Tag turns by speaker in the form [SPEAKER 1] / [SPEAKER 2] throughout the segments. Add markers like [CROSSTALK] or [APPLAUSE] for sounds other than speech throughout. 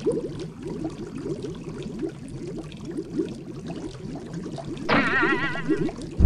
[SPEAKER 1] Thank you.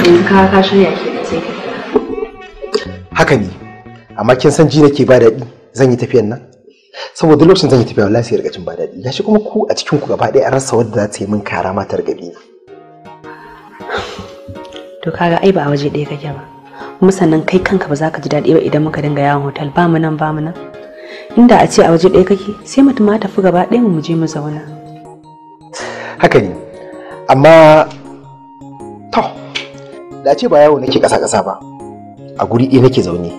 [SPEAKER 1] yanzu ka shirya ke da
[SPEAKER 2] haka ne amma kin san ji nake ba daɗi zan yi tafiyan nan saboda lokacin zan yi tafiya wallahi sai rigacin jin ba daɗi gashi kuma ku a cikin ku gaba ɗaya an rasa wadda za ta yi min kara ma targabi
[SPEAKER 1] to kaga ai ba a waje ɗaya kake ba kuma sannan kai kanka ba za ka ji daɗi ba idan muka dinga yawon hotel ba mu nan ba mu nan inda a ce a waje ɗaya kake sai mutum ma tafi gaba ɗaya mu je mu zauna
[SPEAKER 2] haka ne amma to da ce ba yawo nake kasa-kasa ba a guri ɗaya nake zaune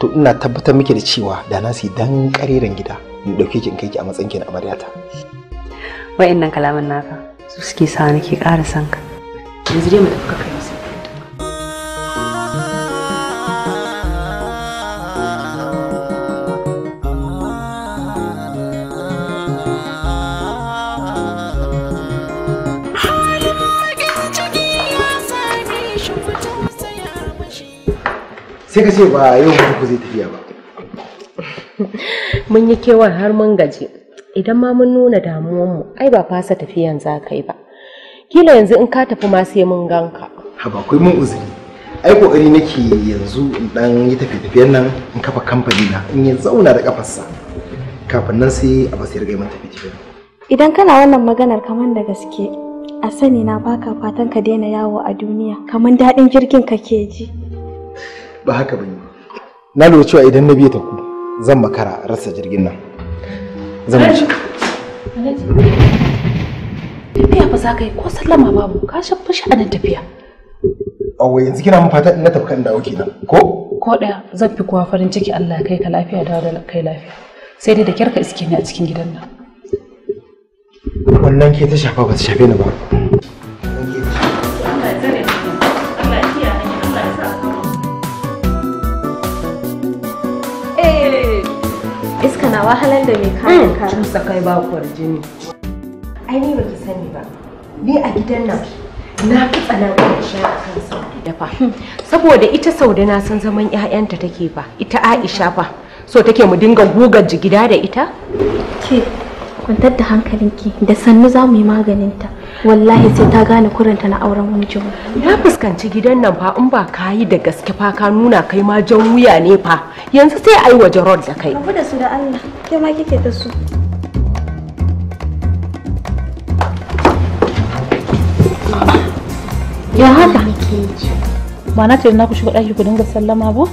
[SPEAKER 2] to ina tabbatar miki da cewa da na su dan ƙareren gida in ɗauke ki in kai ki a matsayin ki na amaryata
[SPEAKER 1] wa'annan kalaman naka su suke sa nake ƙara sanka yanzu dai mu tafi ka kai
[SPEAKER 2] sai ka ce ba yau mun ku zai tafiya ba
[SPEAKER 3] mun yi kewan har mun gaji idan ma mun nuna damuwanmu ai ba fasa tafiyan za ka yi ba kila yanzu in ka tafi ma sai mun ganka
[SPEAKER 2] ha ba kai mun uzuri ai kokari nake yanzu in dan yi tafi tafiyan nan in kafa kamfani na in ya zauna da kafarsa kafin nan sai a sai rage mun tafi tafiyan
[SPEAKER 4] idan kana wannan maganar kaman da gaske a sani na baka fatan ka daina yawo a duniya kaman daɗin jirgin ka ke ji
[SPEAKER 2] ba haka bane na lura cewa idan na biye ta ku zan makara rasa jirgin nan zan wuce
[SPEAKER 5] tafiya ba za ka yi ko sallama babu ka shafa sha'anin tafiya
[SPEAKER 2] awo yanzu kina mun fata na tafi kan dawo
[SPEAKER 5] kenan ko ko daya zan fi kuwa farin ciki Allah ya kai ka lafiya da da kai lafiya sai dai da kyarka iske ni a cikin gidan nan
[SPEAKER 2] wannan ke ta shafa ba ta shafe ni ba
[SPEAKER 4] na
[SPEAKER 3] wahalar da mai kayan hmm, ka cusa kai ba kwarjini ai ni baki sani ba ni a gidan nan na fi tsanan Aisha kan sauri dafa saboda ita Saude na san zaman 'ya'yanta take fa ita Aisha fa so take mu dinga gugar jigida da
[SPEAKER 4] ita ke kwantar da hankalinki da sannu za mu yi maganinta wallahi sai ta gane kuranta na auren wani ya fuskanci gidan
[SPEAKER 3] nan fa in ba ka yi da gaske fa ka nuna kai ma jan wuya ne fa yanzu sai a yi waje rod da kai
[SPEAKER 4] da su da Allah ke ma kike da su
[SPEAKER 5] ya haka ba na ce na ku shiga ɗaki ku dinga sallama ba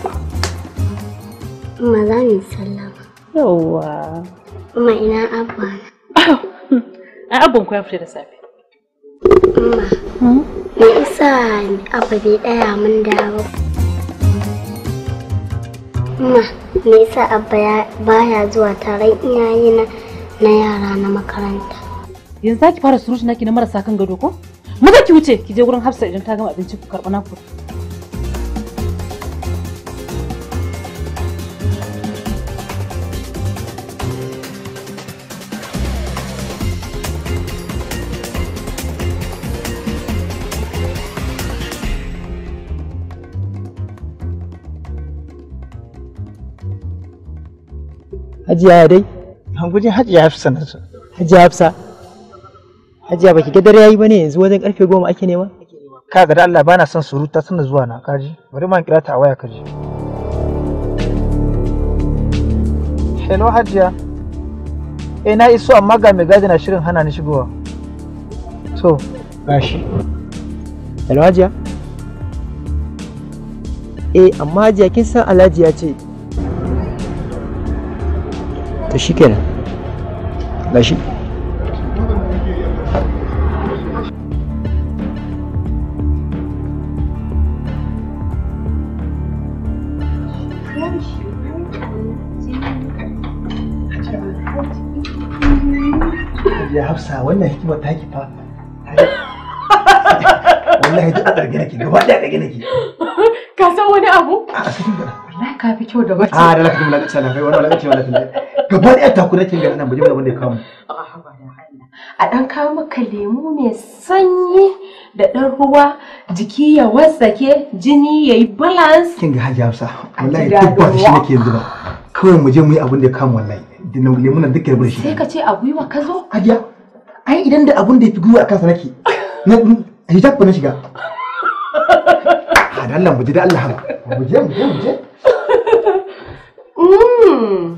[SPEAKER 5] ma za mu sallama yawwa Amma ina abba na. [LAUGHS] abban ku ya fita da safe.
[SPEAKER 6] ma hmm? me isa abu bai ɗaya mun dawo. ma me isa abba baya zuwa taron
[SPEAKER 5] iyaye na na yara na makaranta. Yanzu za ki fara surutu naki na marasa kan gado ko? Maza ki wuce ki je wurin Hafsa idan ta gama abinci ku karɓa naku.
[SPEAKER 7] hajiya ya dai
[SPEAKER 2] hangujin hajiya hafsa na su hajiya hafsa hajiya baki gadar dare yayi bane yanzu wajen karfe goma ake nema ka ga da Allah bana son surutu tana zuwa na kaji bari ma kira ta a waya kaji hello hajiya eh na iso amma ga mai gadi na shirin hana ni shigowa ba gashi hello hajiya eh amma hajiya kin san alhaji ya ce
[SPEAKER 6] to shikenan gashi
[SPEAKER 2] ya hafsa wannan hikimar ta ki fa wallahi duk a ɗarge nake gaba ɗaya ɗarge nake
[SPEAKER 3] ka san wani abu a wallahi ka fi kyau da mace a
[SPEAKER 2] da lafiya mulaƙaci lafiya wani wani wa lafiya gaba ɗaya taku nake ga nan bujin abin da ya kamu ah,
[SPEAKER 3] a ɗan kawo maka lemu mai sanyi da ɗan ruwa jiki ya wasake jini ya yi balance
[SPEAKER 2] kin ga hajji hausa wallahi duk ba shi nake yanzu ba kawai mu je mu yi abin da ya kamu wallahi lemu nan duk yarbar shi sai ka ce a gwiwa ka zo hajiya ai idan da abin da ya fi gwiwa a kansa nake na hijab na shiga a ah, da Allah mu je da Allah
[SPEAKER 3] mu je mu je mu je [LAUGHS] mm.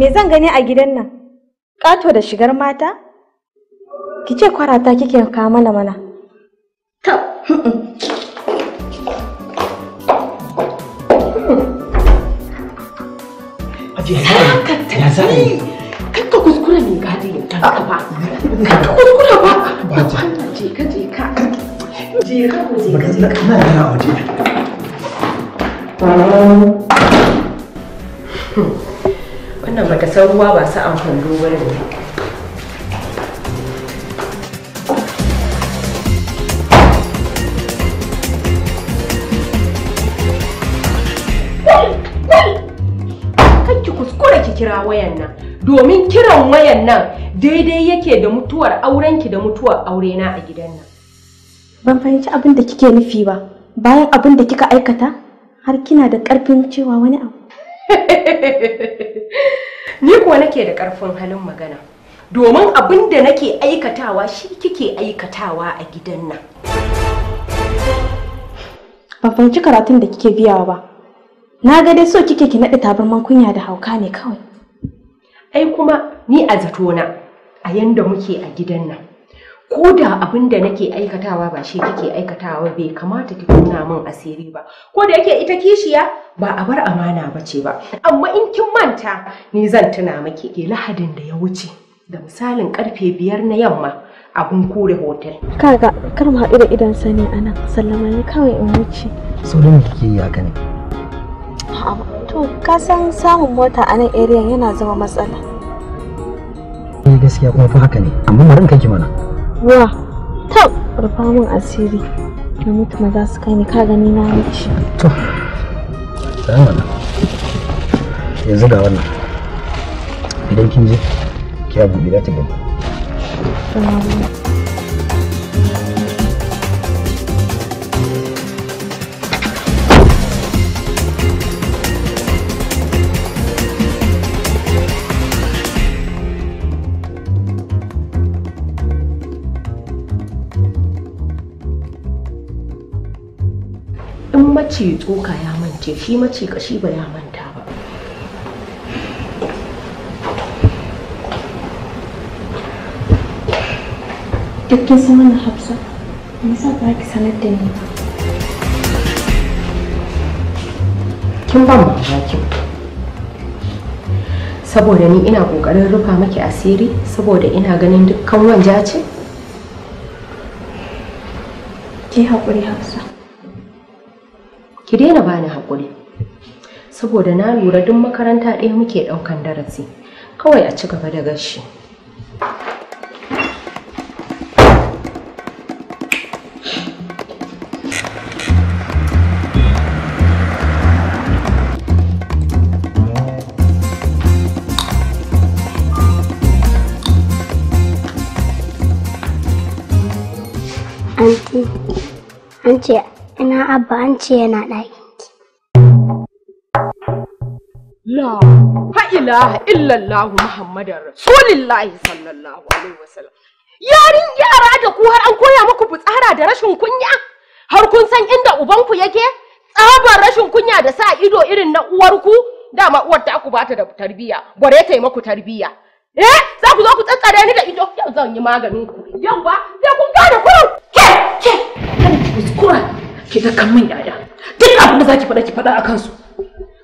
[SPEAKER 4] Me zan gani a gidan nan? Ƙato da shigar mata? Ki ce kwarata kike ka mana mana.
[SPEAKER 8] Ya
[SPEAKER 3] Kakka kuskura mai gadi ya kanka ba. Ah. Kakka
[SPEAKER 5] kuskura ba. Ba ta. Je ka je ka. Je ka ko je ka. Ba ka
[SPEAKER 3] na waje. Hmm. wannan bata san
[SPEAKER 5] ruwa ba sa'an kwando ba ne
[SPEAKER 3] kira wayan nan domin kiran wayan nan daidai yake da mutuwar aurenki da mutuwar aurena a gidan nan
[SPEAKER 4] ban fahimci abin da kike nufi ba bayan abin da kika aikata har kina da ƙarfin cewa wani abu
[SPEAKER 3] [LAUGHS] ni kuwa nake da ƙarfin halin magana domin abin da nake aikatawa shi kike aikatawa a gidan nan
[SPEAKER 4] ban fahimci karatun da kike biyawa ba na ga dai so kike ki naɗe tabarman kunya da hauka ne kawai
[SPEAKER 3] ai kuma ni a zatona a yanda muke a gidan nan Koda abun abin da nake aikatawa ba shi kike aikatawa bai kamata ki kunna min asiri ba ko da yake ita kishiya ba a bar amana ba ce ba amma in kin manta ni zan tuna miki ke lahadin da ya wuce da misalin karfe biyar na yamma a kure hotel
[SPEAKER 4] kaga kar mu haɗu da idan sani anan sallama ne kawai in wuce sauran kike yi haka ne to ka san samun mota a nan area yana zama matsala
[SPEAKER 9] ni eh, gaskiya kuma fa haka ne amma marin kai mana
[SPEAKER 4] ruwa ta rufa min asiri na mutu maza su kai ni ka gani na mace to dan
[SPEAKER 5] wannan yanzu ga wannan
[SPEAKER 2] idan kin je ki abu gida ta gani
[SPEAKER 3] mace tsoka ya mance shi mace kashi ba ya manta ba
[SPEAKER 4] duk kin hafsa me yasa ba ki sanar da ni ba
[SPEAKER 3] kin ban mamaki saboda ni ina kokarin rufa maki asiri saboda ina ganin dukkan wanja ce
[SPEAKER 4] ki haƙuri hafsa
[SPEAKER 3] ki daina bani haƙuri saboda na lura duk makaranta ɗaya muke ɗaukan darasi kawai a ci gaba da gashi
[SPEAKER 5] Auntie, Auntie, Ina abba an ce yana ɗakinki. La ha ilaha illallahu
[SPEAKER 3] Muhammadar Rasulillahi sallallahu alaihi wasallam. Yarin yara da ku har an koya muku fitsara da rashin kunya? Har kun san inda ubanku yake? Tsabar rashin kunya da sa ido irin na uwarku? Dama uwar ta ku bata da tarbiyya, bare ta yi muku tarbiyya. Eh, za ku zo ku tsatsare ni da ido, yau zan yi maganin ku. Yau ba, sai kun
[SPEAKER 5] gane kurum. Ke, ke, kada ki kuskura. ki ga kan man yaya duk abin da zaki faɗa ki faɗa a su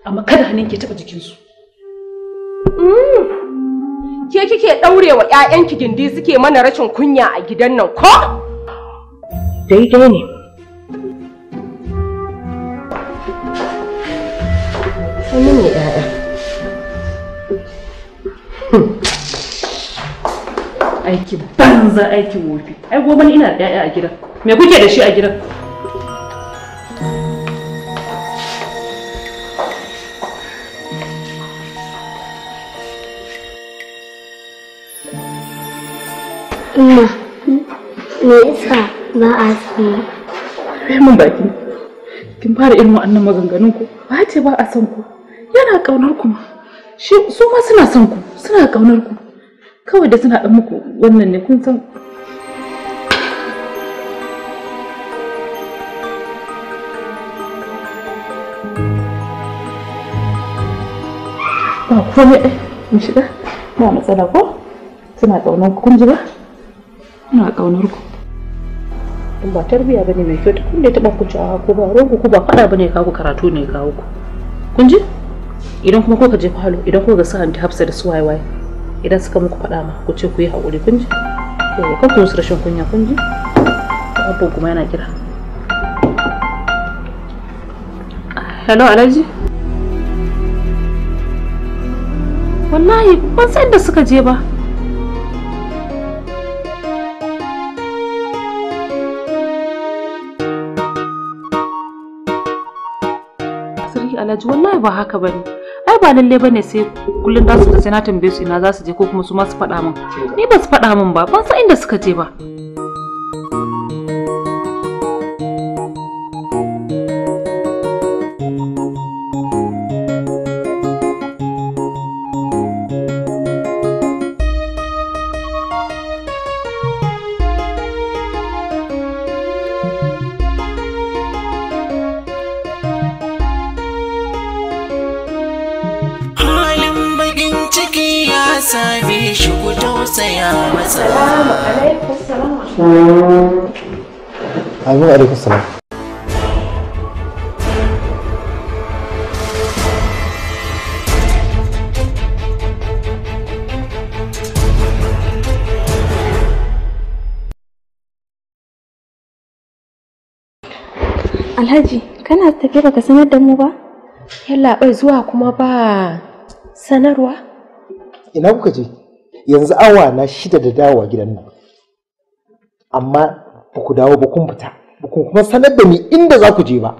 [SPEAKER 5] amma kada hannun ki taɓa su
[SPEAKER 8] mm.
[SPEAKER 3] ke kike ɗaurewa ƴaƴanki gindi suke mana rashin kunya a gidan nan ko daidai ne Wani ne ‘ya'ya.
[SPEAKER 5] Aiki banza aiki wofi. Ai gobe ina da ‘ya'ya a gidan. Me kuke da shi a gidan? Umma, me yasa ba a son Kai mun baki. Kin fara irin wa'annan maganganun ku. Ba ce ba a son ku. Yana kaunar ku ma. Shi su ma suna son ku, suna kaunar ku. Kawai da suna dan muku wannan ne kun san ba komai mu shiga ba matsala ko suna ƙaunar kun ji ba ina ƙaunar ku in ba tarbiya bane mai kyau duk kun ya taɓa ku ci a ko ba ruwan ku ba faɗa bane kawo karatu ne kawo ku kun ji idan kuma ka je falo idan kuka ga su hanti hafsa da su waiwai idan suka muku faɗa ma ku ce ku yi haƙuri kun ji yau kan ku musu rashin kunya kun ji abubuwan kuma yana kira hello alhaji wallahi ban san da suka je ba alhaji wallahi ba haka bane ai ba lalle bane sai kullun da su sai na tambaye su ina za su je ko kuma su ma su faɗa min ni ba su faɗa min ba ban san inda suka je ba
[SPEAKER 9] Abin
[SPEAKER 2] alaikun salam.
[SPEAKER 4] Alhaji, kana tafe baka sanar
[SPEAKER 3] da mu ba? Yallaɓai zuwa kuma ba sanarwa?
[SPEAKER 2] Ina kuka je? yanzu awa na shida da dawa gidan nan amma ba ku dawo ba kun fita ba ku kuma sanar da ni inda za ku je ba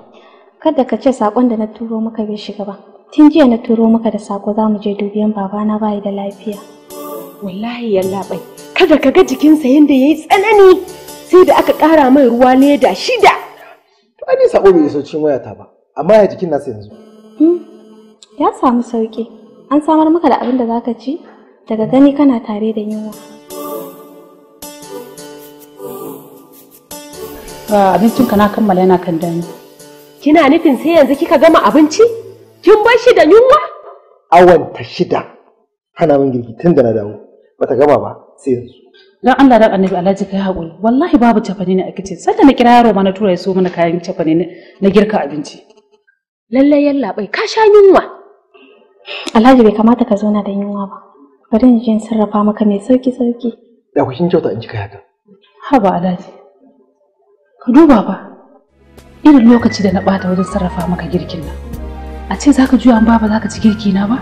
[SPEAKER 4] kada ka ce sakon da na turo maka bai shiga ba tun jiya na turo maka da sako za mu je dubiyan babana bayi da lafiya
[SPEAKER 5] wallahi yalla bai
[SPEAKER 4] kada ka ga jikinsa yanda yayi tsanani sai da aka kara
[SPEAKER 3] mai ruwa leda
[SPEAKER 4] shida
[SPEAKER 2] to ai sako bai iso cikin wayata ba amma ya jikin nasa yanzu
[SPEAKER 4] hmm, ya samu sauƙi. an samar maka da abin da ka ci daga gani kana tare da yunwa ba abincinka na kammala yana kan dani kina nufin sai yanzu kika
[SPEAKER 5] gama abinci kin bar shi da yunwa
[SPEAKER 2] Awanta ta shida hana min girki tun da na dawo bata gama ba sai yanzu
[SPEAKER 5] dan Allah dan annabi Alhaji kai hakuri wallahi babu cafane ne a kicin sai na kira yaro ma na tura ya so mana kayan cafane na girka abinci
[SPEAKER 4] Lallai yalla bai ka sha yunwa Alhaji bai kamata ka zauna da yunwa ba bari in sarrafa maka mai sauki sauki
[SPEAKER 2] da kin kyauta in kika haka
[SPEAKER 4] haba alhaji
[SPEAKER 5] ka duba ba irin lokaci da na bata wajen sarrafa maka girkin nan a ce za ka juya ba ba ka ci girki na ba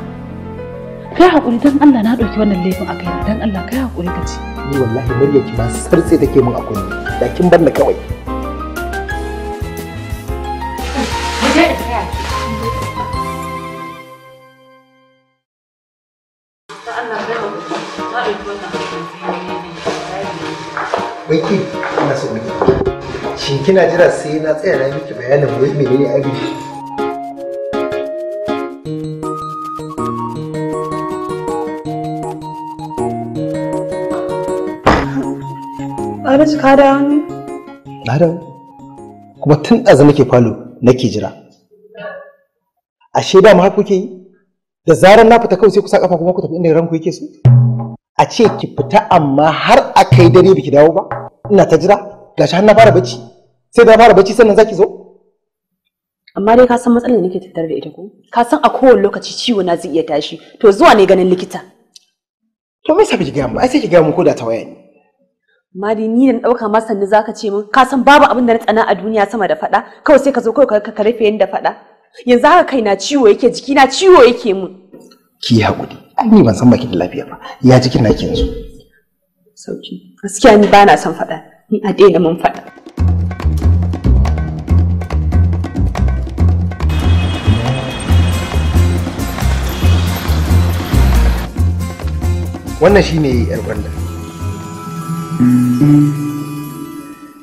[SPEAKER 5] kai hakuri dan Allah na dauki wannan laifin a kaina dan Allah kai hakuri ka ci
[SPEAKER 2] ni wallahi muryarki ba sartse take min a kunne da kin bar ni kawai kina jira sai na tsaya na miki bayanin wai menene agidi ka Na dawo. Kuma tun ɗazu nake falo nake jira. Ashe dama mu kuke yi? Da zarar na fita kawai sai ku sa kafa kuma ku tafi inda ranku yake so? A ce ki fita amma har a kai dare biki dawo ba? Ina ta jira? Gashi har na fara bacci.
[SPEAKER 1] sai da fara bacci sannan zaki zo amma dai ka san matsalar nake tattare da ita ko ka san a kowane lokaci ciwo na zai iya tashi to zuwa ne ganin likita
[SPEAKER 2] to me yasa biki ga mu ai sai ki ga mu ko da ta waya ne
[SPEAKER 1] Mari ni dan dauka ma sannu zaka ce min ka san babu abin da na tsana a duniya sama da faɗa kawai sai ka zo kawai ka karfe yanda faɗa yanzu haka kaina ciwo yake jikina ciwo yake mun
[SPEAKER 2] ki hakuri ai ni ban san baki da lafiya ba ya jikin na yanzu sauki
[SPEAKER 1] gaskiya ni ba na son faɗa ni a daina mun faɗa
[SPEAKER 2] wannan shine yar gwanda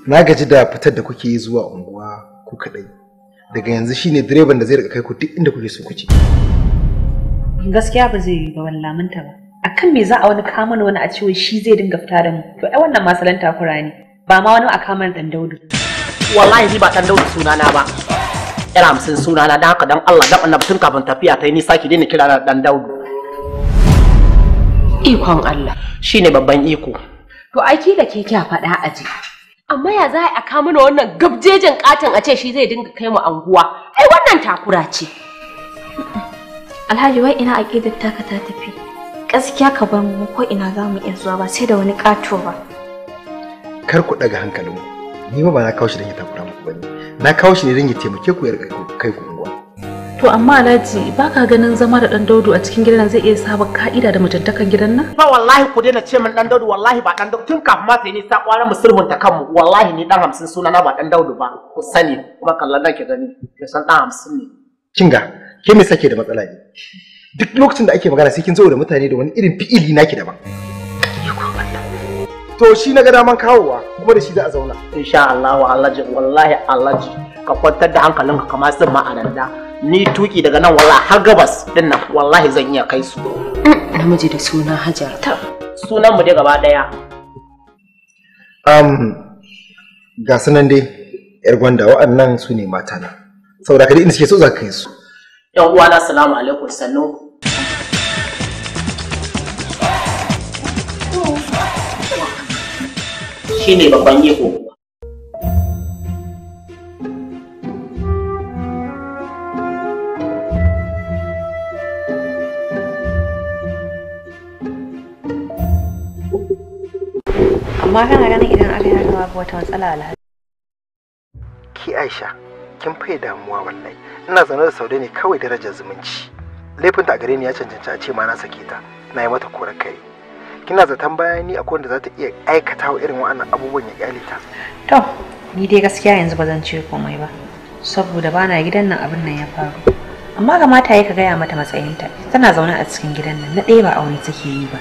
[SPEAKER 2] na gaji da fitar da kuke yi zuwa unguwa ku kadai daga yanzu shine direban da zai rika kai ku duk inda kuke so ku ci
[SPEAKER 1] gaskiya ba zai yi ba ta ba akan me za a wani kama wani a cewa shi zai dinga fita da mu to ai wannan masalan takura ne ba ma wani a kama dan daudu
[SPEAKER 10] wallahi ni ba dan daudu sunana ba ina hamsin sunana dan haka dan Allah dan annabtun kafin tafiya ta yi saki dai ni kira dan daudu
[SPEAKER 3] Ikon Allah shine babban iko. To aiki da ke kya faɗa a ji. Amma ya za a ka mana wannan gabjejen katin a ce shi zai dinga kai mu anguwa. Ai wannan takura
[SPEAKER 4] ce. Alhaji wai ina aƙidar taka ta tafi. Gaskiya ka bar mu ko ina za mu iya zuwa ba sai da wani ƙato ba.
[SPEAKER 2] Kar ku ɗaga hankalinku. Ni ma ba na kawo shi don ya takura muku bane Na kawo shi ne don ya taimake ku ya kai ku
[SPEAKER 5] To amma Alhaji ba ka ganin zama da ɗan Daudu a cikin gidan zai iya saba ka'ida da mutuntakan gidan nan? Fa wallahi ku daina ce min ɗan Daudu wallahi ba ɗan Daudu tun kafin ma sai ni sa ƙwarar mu sulhunta kanmu
[SPEAKER 10] wallahi ni ɗan hamsin suna na ba ɗan Daudu ba ku sani kuma kallon da ke gani ya san ɗan hamsin ne.
[SPEAKER 2] Kinga ke me sake da matsala ne? Duk lokacin da ake magana sai kin zo da mutane da wani irin fi'ili naki daban. To shi na ga daman kawowa kuma da shi za a zauna.
[SPEAKER 10] Insha Allah wa Allah wallahi ka kwantar da hankalinka kamar sun ma'ananda. ni tuki daga nan walla har gabas din nan wallahi zan iya kai su
[SPEAKER 3] mm, namiji da suna hajar
[SPEAKER 10] sunan mu dai gaba daya
[SPEAKER 3] um
[SPEAKER 2] ga sunan dai yar gwanda wa'annan su ne mata na saboda ka dai inda suke so za ka kai su
[SPEAKER 10] yan uwa na salamu alaikum sannu shine babban yiko
[SPEAKER 1] amma kana ganin idan aka yi haka babu wata matsala alhaji
[SPEAKER 2] ki aisha kin fai damuwa wallahi ina zaune da saude ne kawai darajar zumunci laifinta a gare ni ya cancanci a ce ma na sake ta na yi mata korar kai kina zaton bayan ni akwai wanda za ta iya aikata wa irin wa'annan abubuwan ya kyale ta
[SPEAKER 1] to ni dai gaskiya yanzu ba zan ce komai ba saboda bana gidan nan abin nan ya faru amma kamata ya ka gaya mata matsayinta tana zaune a cikin gidan nan na ɗaya ba aure take yi ba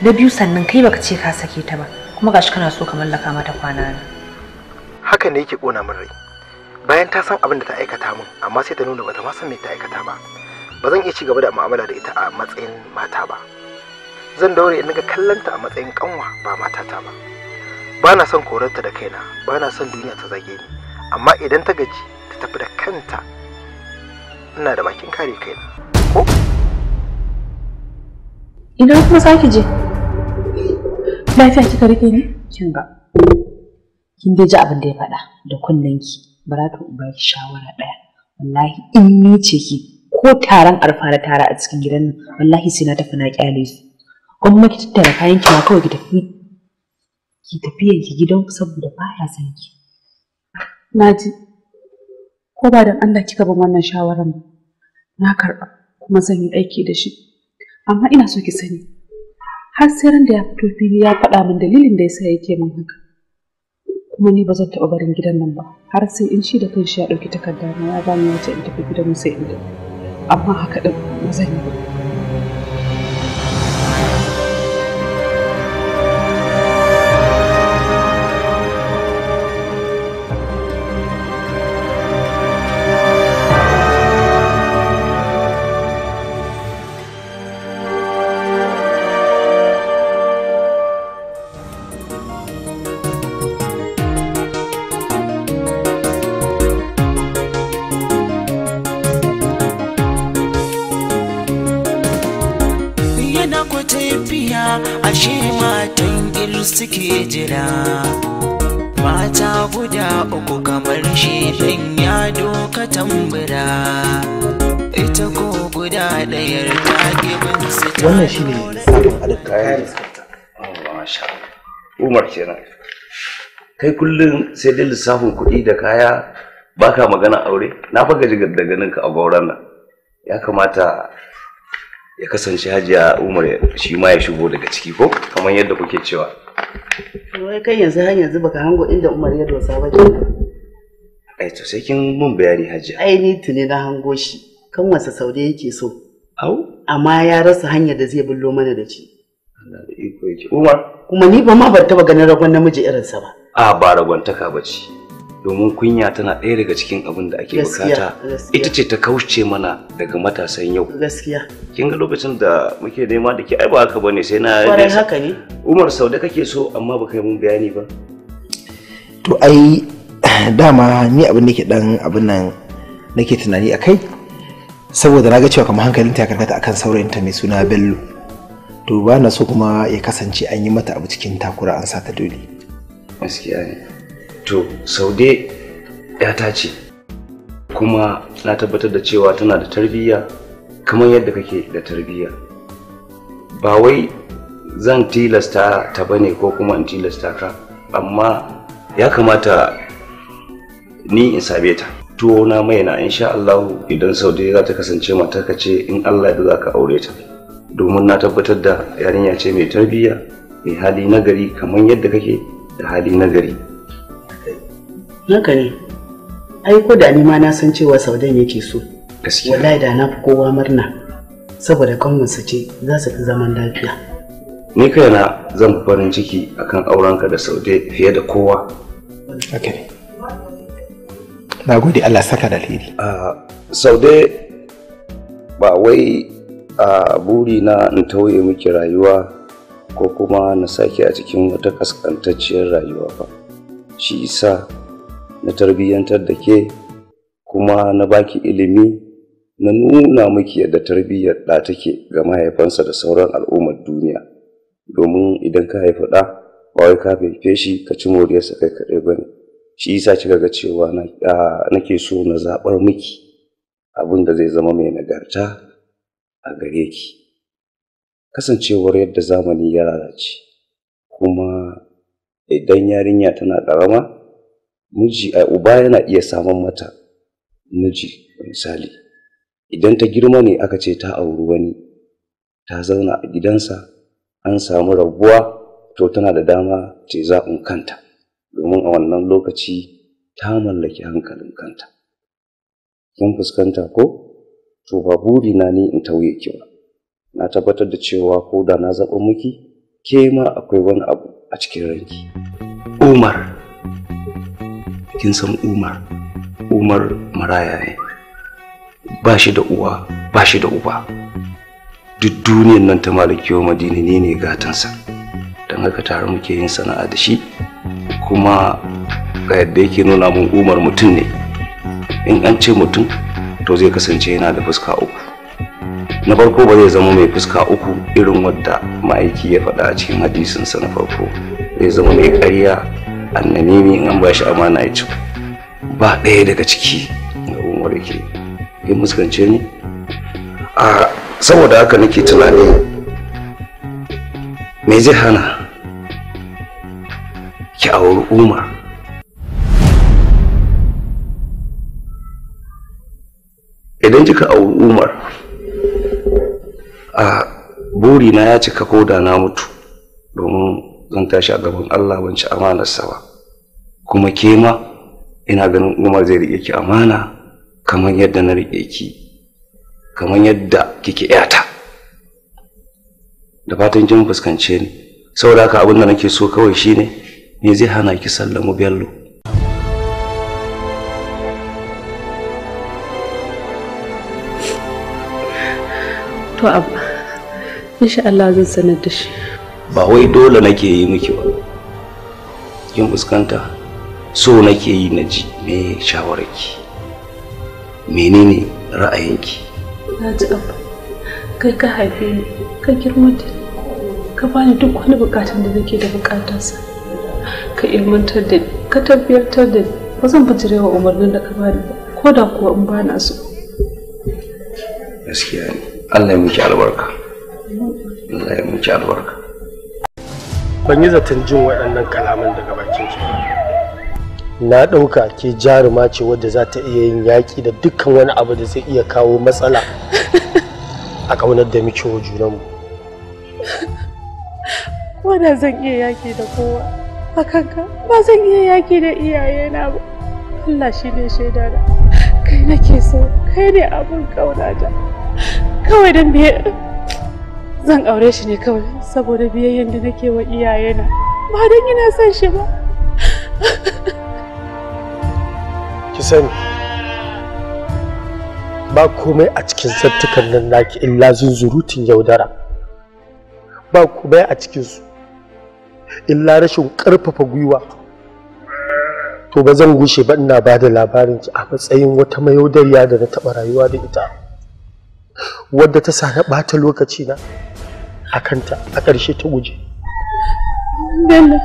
[SPEAKER 1] na biyu sannan kai baka ce ka sake ta ba kuma gashi kana so ka mallaka mata kwana na
[SPEAKER 2] haka ne yake kona min rai bayan ta san abin da ta aikata min amma sai ta nuna bata ma san me ta aikata ba ba zan iya ci gaba da mu'amala da ita a matsayin mata ba zan daure in ga kallanta a matsayin kanwa ba matata ba ba na son korarta da kaina ba na son duniya ta zage ni amma idan ta gaji ta tafi da kanta ina da bakin kare kaina ko
[SPEAKER 5] idan kuma sake
[SPEAKER 1] je Lafiya kika rike ni? Kin ga. Kin dai ji abin da ya faɗa da kunnenki. Bara to in ki shawara ɗaya. Wallahi in ni ce ki ko taron arfa na tara a cikin gidan nan wallahi sai na tafi na kyale su. Kuma ki tattara kayan ki ma kawai ki tafi ki tafi yanki gidan saboda ya san ki.
[SPEAKER 5] Na ji. Ko ba dan Allah kika bin wannan shawaran na karɓa kuma zan yi aiki da shi. Amma ina so ki sani har sai ran da ya fito fili ya faɗa min dalilin da yasa yake min haka kuma ni ba zan taɓa barin gidan nan ba har sai in shi da shi ya ɗauki takarda na ya bani wata in tafi gidan sai in amma haka ɗin ba zan yi ba
[SPEAKER 7] umar kenan kai kullum sai dai lissafin kuɗi da kaya baka magana aure na fa gaji da ganin ka a gauran nan ya kamata ya kasance hajiya umar shi ma ya shigo daga ciki ko kamar yadda kuke cewa
[SPEAKER 9] wai kai yanzu har yanzu baka hango inda umar
[SPEAKER 10] ya dosa ba
[SPEAKER 7] ai to sai kin mun bayani hajiya
[SPEAKER 10] ai ni tuni na hango shi kan wasa saude yake so au amma ya rasa hanyar da zai bullo mana da shi
[SPEAKER 7] Allah da iko yake umar
[SPEAKER 10] kuma ni ba ma ban taba ganin ragon namiji irinsa ba
[SPEAKER 7] a ba ragwantaka ba ce domin kunya tana ɗaya daga cikin abin da ake bukata ita ce ta kauce mana daga matasan yau gaskiya kin ga lokacin da muke nema da ke ai ba haka bane sai na kwarai haka ne Umar sau da kake so amma baka yi mun bayani ba to
[SPEAKER 2] ai [CLEARS THROAT] dama ni abin da ke dan abin nan nake tunani akai saboda na ga cewa kamar hankalinta ta karkata akan saurayinta mai suna Bello to ba na so kuma ya kasance an yi mata abu cikin takura an sa ta dole gaskiya ne
[SPEAKER 7] to saude ta ce kuma na tabbatar da cewa tana da tarbiyya kamar yadda kake da tarbiyya ba wai zan tilasta ta bane ko kuma in tilasta ka amma ya kamata ni in sabe ta tuwo na mai na insha Allah idan saude za ta kasance matakace ce in Allah ya za ka aure ta domin na tabbatar da yarinya ce mai tarbiyya mai hali nagari kamar yadda kake da hali nagari
[SPEAKER 10] haka ne ai ko da ni ma na san cewa saudan yake so gaskiya wallahi da na fi kowa murna saboda kanwansa ce za su fi zaman lafiya
[SPEAKER 7] ni kaina zan fi farin ciki akan aurenka da saude fiye da kowa
[SPEAKER 2] haka na gode Allah saka da alheri
[SPEAKER 7] ah, saude ba wai a buri na in tauye miki rayuwa ko kuma na sake a cikin wata kaskantacciyar rayuwa ba shi isa na tarbiyyantar da ke kuma na baki ilimi na nuna miki yadda tarbiyyar ɗa take ga mahaifansa da sauran al'ummar duniya domin idan ka haifi ɗa ba wai ka haife shi ka ci moriyarsa kai kaɗai ba ne shi yasa kika ga cewa nake so na zaɓar miki abin da zai zama mai nagarta a gare ki kasancewar yadda zamani ya lalace kuma idan yarinya tana ƙarama miji a uba yana iya samun mata miji misali idan ta girma ne aka ce ta auri wani ta zauna a gidansa an samu rabuwa to tana da dama ce zaɓin kanta domin a wannan lokaci ta mallaki hankalin kanta kin fuskanta ko to ba burina ne in tauye ki ba na tabbatar da cewa ko da na zaɓa miki ke ma akwai wani abu a cikin ranki umar kin san umar umar maraya ne ba shi da uwa ba shi da uba duk duniyan nan ta malikiyo madina ne ne gatansa don haka tare muke yin sana'a da shi kuma ga yadda yake nuna mun umar mutum ne in an ce mutum to zai kasance yana da fuska uku na farko ba zai zama mai fuska uku irin wadda ma'aiki ya faɗa a cikin hadisinsa na farko zai zama mai ƙarya annani ne in an ba shi amana ya ci ba ɗaya daga ciki ga umar ke yi muskance ni a saboda haka nake tunani me zai hana ki auri umar idan kika auri umar a buri na ya cika ko da na mutu domin zan tashi a gaban allah ban ci amanarsa ba kuma ke ma ina ganin umar zai rike ki amana kamar yadda na riƙe ki kamar yadda kike yata da fatan kin fuskance ni saboda haka abin da nake so kawai shine me zai hana ki sallamu bello
[SPEAKER 5] to abu insha Allah zan sanar da shi
[SPEAKER 7] ba wai dole nake yi miki ba kin fuskanta so nake yi na ji me shawararki menene ra'ayinki
[SPEAKER 5] na ji abu kai ka haife ni ka girma da ka bani duk wani bukatun da nake da sa ka ilmantar da ni ka tabbatar da ni ba zan bijirewa umarnin da ka bani ba ko da kuwa in ba na so
[SPEAKER 7] gaskiya ne Allah ya miki albarka Allah ya miki albarka
[SPEAKER 11] ban yi zaton jin waɗannan kalaman daga bakin ki na ɗauka ke jaruma ce wadda za ta iya yin yaƙi da dukkan wani abu da zai iya kawo
[SPEAKER 2] matsala a ƙaunar da muke wa junanmu
[SPEAKER 5] wanda zan iya yaƙi da kowa a kanka ba zan iya yaƙi da iyayena ba Allah shi ne shaidana kai nake so kai ne abin da. kawai don biye zan aure shi ne kawai saboda biyayyen da nake wa iyayena ba don yana son shi ba
[SPEAKER 11] ki sani ba komai a cikin sattukan nan naki illa zunzurutun yaudara ba komai
[SPEAKER 2] a cikinsu illa rashin ƙarfafa gwiwa to ba zan gushe ba ina ba da ki a matsayin wata mayaudariya da na taɓa rayuwa da ita wadda ta sa na ɓata lokaci na a kanta a ƙarshe ta
[SPEAKER 5] guje. Bello,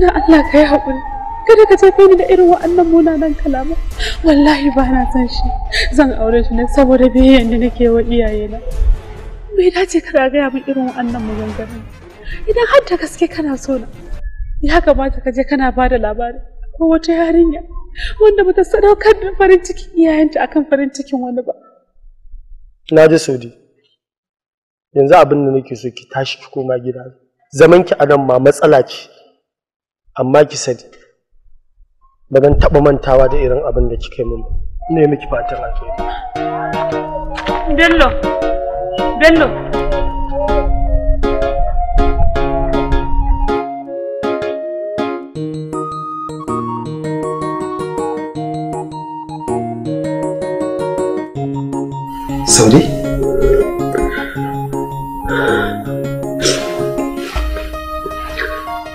[SPEAKER 5] na Allah ka yi haƙuri. Kada ka tafi ni da irin wa'annan munanan kalama. Wallahi ba na san shi. Zan aure shi ne saboda biyan da nake wa iyayena. Bai dace kana gaya min irin wa'annan maganganun. Idan har da gaske kana so na, ya kamata ka je kana ba da labari ko wata yarinya wanda bata sadaukar da farin cikin iyayenta akan farin cikin wani ba.
[SPEAKER 11] na ji saudi yanzu abin da nake so ki tashi ki koma
[SPEAKER 2] gida zaman ki a ma matsala ce amma ki sadi. ba zan taɓa mantawa da irin abin da kika yi mun ne miki fatan kai
[SPEAKER 5] bello bello Saude?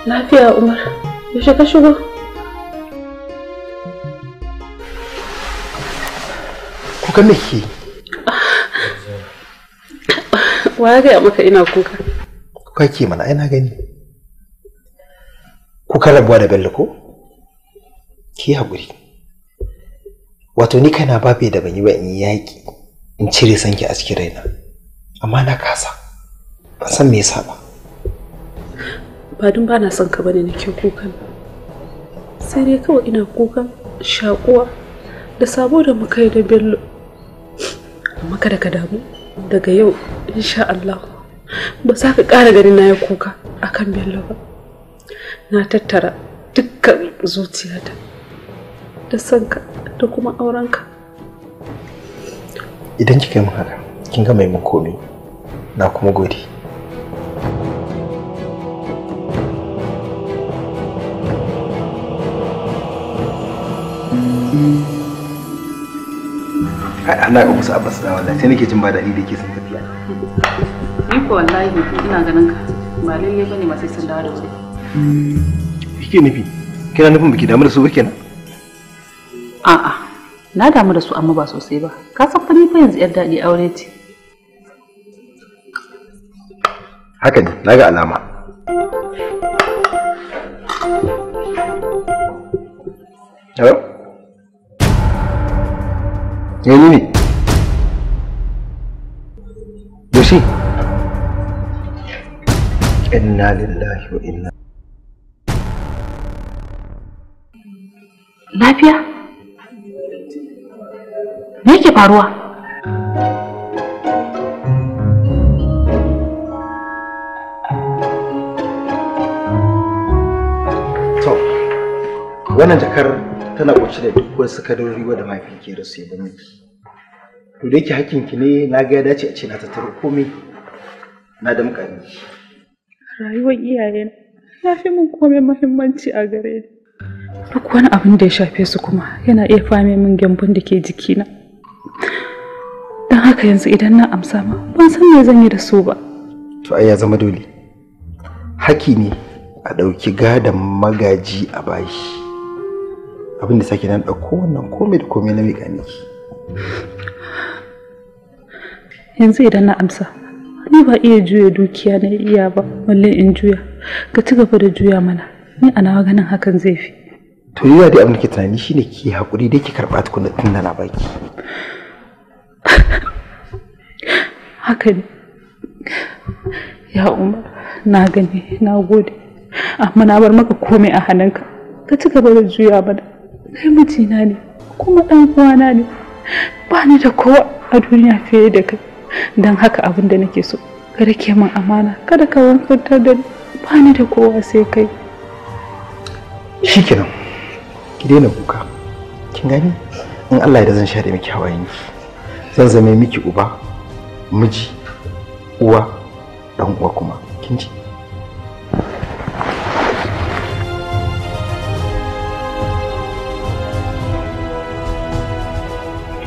[SPEAKER 5] Lafiya Umar, yaushe ka shigo? Kuka me ke? Wa ya gaya maka ina kuka?
[SPEAKER 2] Kuka ke mana ina gani. Kuka rabuwa da Bello ko? Ki haƙuri. Wato ni kana babu da ban yi in yaƙi. in cire sanki a cikin raina amma na kasa ban san me yasa ba
[SPEAKER 5] ba dun ba na son ka bane nake kukan sai dai kawai ina kuka shakuwa da sabo da muka yi da bello amma kada ka damu daga yau insha Allah ba za ka ƙara ganin na yi kuka a kan bello ba na tattara dukkan zuciyata da sanka da kuma aurenka
[SPEAKER 2] idan kika yi min haka kin ga mai mun komai na kuma gode ai Allah ga musu abbas da wallahi sai nake jin ba daɗi da ke san tafiya
[SPEAKER 5] ni ko wallahi ina ganin ka ba lalle bane ma sai sun dawo da wuri
[SPEAKER 2] kike nufi kina nufin biki damu da su ba kenan
[SPEAKER 5] na damu da su amma ba sosai ba ka san fa ni fa yanzu yar daɗi aure ce
[SPEAKER 2] haka ne na ga alama
[SPEAKER 11] hello ne eh, ni ne yoshi
[SPEAKER 2] inna lillahi wa inna
[SPEAKER 5] lafiya me yake faruwa
[SPEAKER 11] wannan
[SPEAKER 2] jakar tana ƙunshe da duk wani sakarin riwa da mahaifin ke rasu ya bani to da yake ki ne na ga ya dace a ce na tattaro komai na da mukami
[SPEAKER 5] rayuwar iyaye ya fi min komai muhimmanci a gare ni duk wani abin da ya shafe su kuma yana iya fame min gyambon da ke jikina don haka yanzu idan na amsa ma ban san me zan yi da su ba
[SPEAKER 2] to ai ya zama dole haki ne a ɗauki gadon magaji a bashi abin da sake nan ɗauko wannan komai da komai na miƙa miki
[SPEAKER 5] yanzu idan na amsa ni ba iya juya dukiya na iya ba balle in juya ka ci gaba da juya mana ni a nawa ganin hakan zai fi
[SPEAKER 8] to yi
[SPEAKER 2] da abin da ke tunani shine ki haƙuri da ki karɓa tukuna da na baki
[SPEAKER 5] [LAUGHS] haka ne ya umar na gani na gode amma na bar maka komai a hannunka ka ci gaba da juya mana kai mijina ne kuma ɗan uwana ne ba ni da kowa a duniya fiye da kai don haka abin da nake so ka rike min amana kada ka wankantar da ni ba ni da kowa sai kai
[SPEAKER 2] shikenan ki daina kuka kin gani in Allah ya da zan sha da miki hawayen zan zame miki uba miji uwa dan uwa kuma kin ji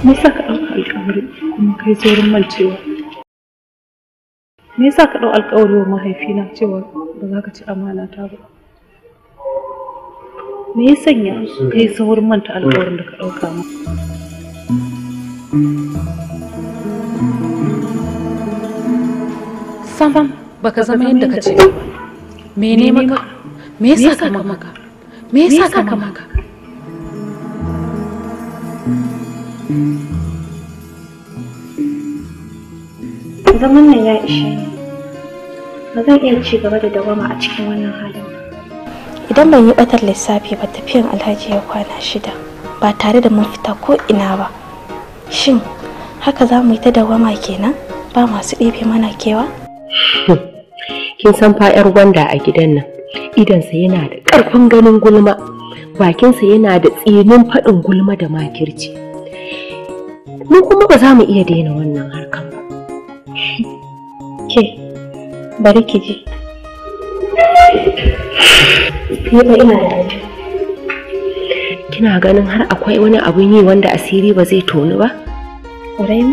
[SPEAKER 5] me yasa ka ɗauka alƙawari kuma kai saurin mancewa me yasa ka ɗau alƙawari wa mahaifina cewa ba za ka ci amana ta ba me ya sanya kai saurin manta alƙawarin da ka ɗauka mu Sam baka zama yadda ka ce me ne maka me yasa ka maka me yasa ka maka
[SPEAKER 4] zaman nan ya ishe ba zan iya ci gaba da dawama a cikin wannan halin idan ban yi batar lissafi ba tafiyan alhaji ya kwana shida ba tare da mun fita ko ina ba shin haka za mu yi ta dawama kenan ba masu ɗebe mana kewa
[SPEAKER 5] kin san
[SPEAKER 3] fa 'yar gwanda a gidan nan idansa yana da ƙarfin ganin gulma bakinsa yana da tsinin faɗin gulma da makirci mu kuma ba za mu iya daina
[SPEAKER 4] wannan harkan ba ke bari ki ji ina da
[SPEAKER 3] kina ganin har akwai wani abun yi wanda asiri ba zai tonu ba? Ƙwarai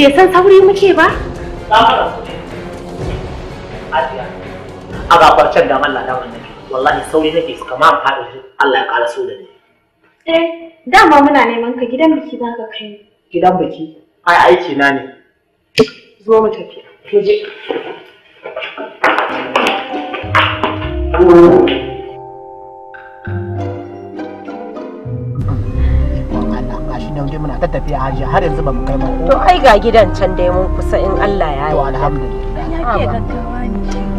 [SPEAKER 5] bai san sauri muke ba
[SPEAKER 10] a gafarcen da Allah da wannan wallahi sauri nake kamar faɗi Allah ya ƙara so da ni
[SPEAKER 4] eh dama muna neman ka gidan biki za ka kai
[SPEAKER 10] gidan biki ai aiki na ne
[SPEAKER 5] zo mu tafi je
[SPEAKER 3] yau dai muna ta tafiya hajji har yanzu ba mu kai ba to ai ga gidan can dai mun kusa in Allah ya yi to alhamdulillah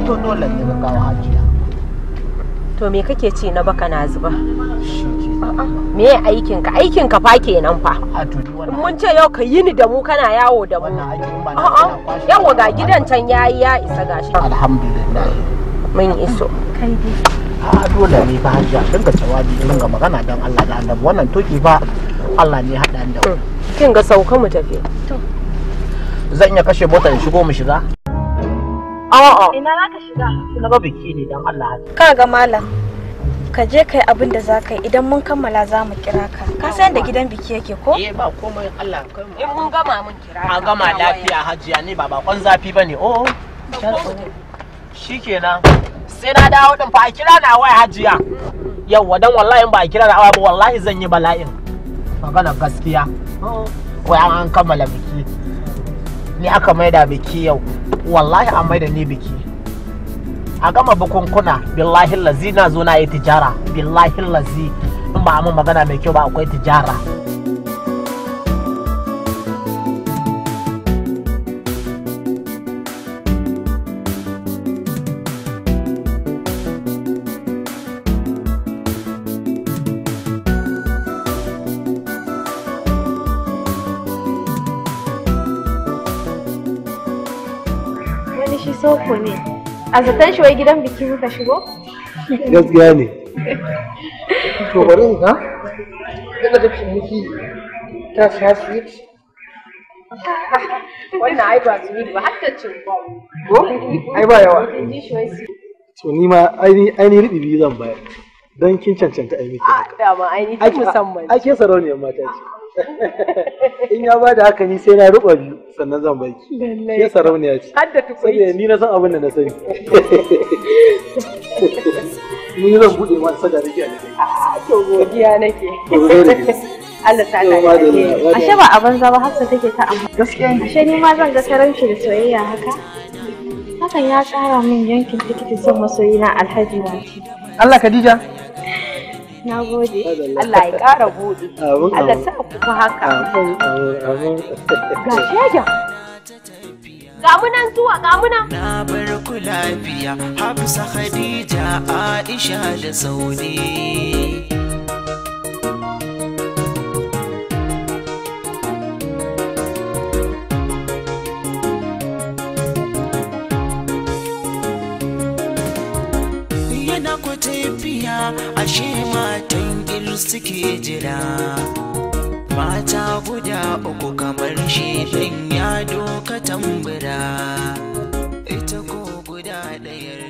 [SPEAKER 10] to dole ne gaggawa
[SPEAKER 8] hajiya
[SPEAKER 3] to me kake ce na baka na zuba me ya aikin ka aikin ka fa kenan fa mun ce yau ka yini da mu kana yawo da mu yawo ga gidan can yayi ya isa gashi
[SPEAKER 10] alhamdulillah
[SPEAKER 3] mun iso
[SPEAKER 4] kai dai
[SPEAKER 10] a dole ne ba hajiya dinka tawadi dinka magana dan Allah da annabi wannan toki ba Allah ne haɗa da wani hmm. kin ga sauka mu tafi zan iya kashe mota in shigo mu shiga a'a ina za ka shiga na ba biki ne dan Allah
[SPEAKER 4] ka ga malam ka je kai abin da za ka yi idan mun kammala za mu kira ka ka san da gidan biki yake ko eh ba komai
[SPEAKER 3] Allah kai mu in mun gama mun
[SPEAKER 10] kira ka a gama lafiya hajiya ne ba bakon zafi bane oh shikenan sai na dawo din fa a kira na waya hajiya mm. yawwa dan wallahi ba a kira na waya ba wallahi zan yi bala'in magana gaskiya wai an kammala biki ni aka maida biki yau wallahi an maida ni biki a gama bukunkuna billahi lazi na zo na yi tijara billahi lazi in ba a magana mai kyau ba akwai tijara
[SPEAKER 4] mako ne a zaton shi wai gidan biki kuka shigo
[SPEAKER 6] gaskiya
[SPEAKER 11] ne
[SPEAKER 4] [LAUGHS] to bari in daga miki
[SPEAKER 3] ta sha sweet wannan ai ba sweet ba har ta cin ko ai ba yawa
[SPEAKER 2] to ni ma ai ni ribi zan bayar
[SPEAKER 11] dan kin cancanta miki
[SPEAKER 3] ah, musamman
[SPEAKER 11] ake [LAUGHS] ya bada haka ni sai na ruba biyu sannan zan bai ya sarauniya ce
[SPEAKER 8] saboda
[SPEAKER 2] ni na san abin da na sani [LAUGHS] ni zan bude ma sada rike a ah,
[SPEAKER 4] to godiya nake [LAUGHS] Allah ta ta ne ashe ba a banza ba hafsa take ta amma gaskiya ashe ni ma zan ga shi da soyayya haka hakan ya tsara min yankin tikiti son masoyina alhaji wati Allah Khadija
[SPEAKER 1] na gode [LAUGHS] Allah ya ƙara buɗe Allah sa ku
[SPEAKER 3] haka
[SPEAKER 11] ga shi shaja
[SPEAKER 3] gamunan
[SPEAKER 9] zuwa gamunan. Na bar ku lafiya Hafsa Khadija Aisha da Saudi. ashe matan gir suke jira mata guda uku kamar shi din ya doka tambura
[SPEAKER 5] ita ko guda ɗayar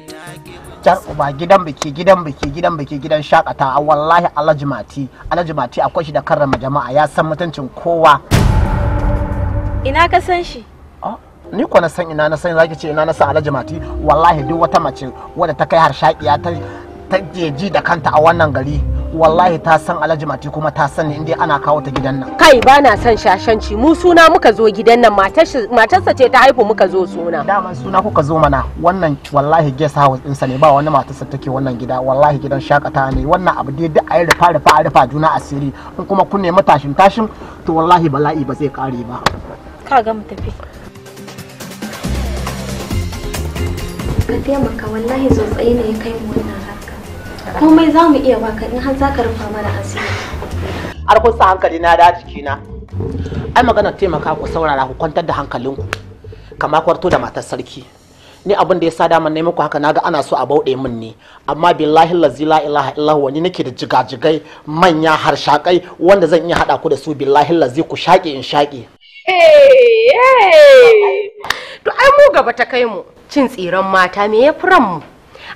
[SPEAKER 10] ta uba gidan biki gidan biki gidan biki gidan shakata wallahi alhaji mati alhaji mati akwai shi da karrama jama'a ya san mutuncin kowa
[SPEAKER 4] ina ka san shi
[SPEAKER 10] ni ko na san ina na san zaki ce ina na san alhaji mati wallahi duk wata mace wadda ta kai har ta ta ji da kanta a wannan gari wallahi ta san alhaji mati kuma ta san ne inda ana kawo ta gidan nan
[SPEAKER 3] kai ba na son shashanci mu suna muka zo gidan nan matarsa ce ta haifu muka zo suna daman suna kuka
[SPEAKER 10] zo mana wannan wallahi guest house ɗinsa ne ba wani matarsa take wannan gida wallahi gidan shakata ne wannan abu dai duk a yi rufa rufa a rufa juna asiri in kuma kun nemi tashin tashin to wallahi bala'i ba zai kare ba
[SPEAKER 4] ka ga mu tafi ka taimaka wallahi tsotsayi ne ya kai mu wannan komai za mu iya baka in har za ka rufa mana asiri
[SPEAKER 10] har kun sa hankali na da jikina ai magana taimaka ku saurara ku kwantar da hankalinku kama kwarto da matar sarki ni abin da ya sa daman nemi ku haka naga ana so a bauɗe min ne amma billahi lazi la ilaha illa wani nake da jigajigai manya harshakai wanda zan iya haɗa ku da su billahi lazi ku shaƙe in shaƙe
[SPEAKER 3] to ai mu gaba ta kai mu cin tsiran mata me ya furan mu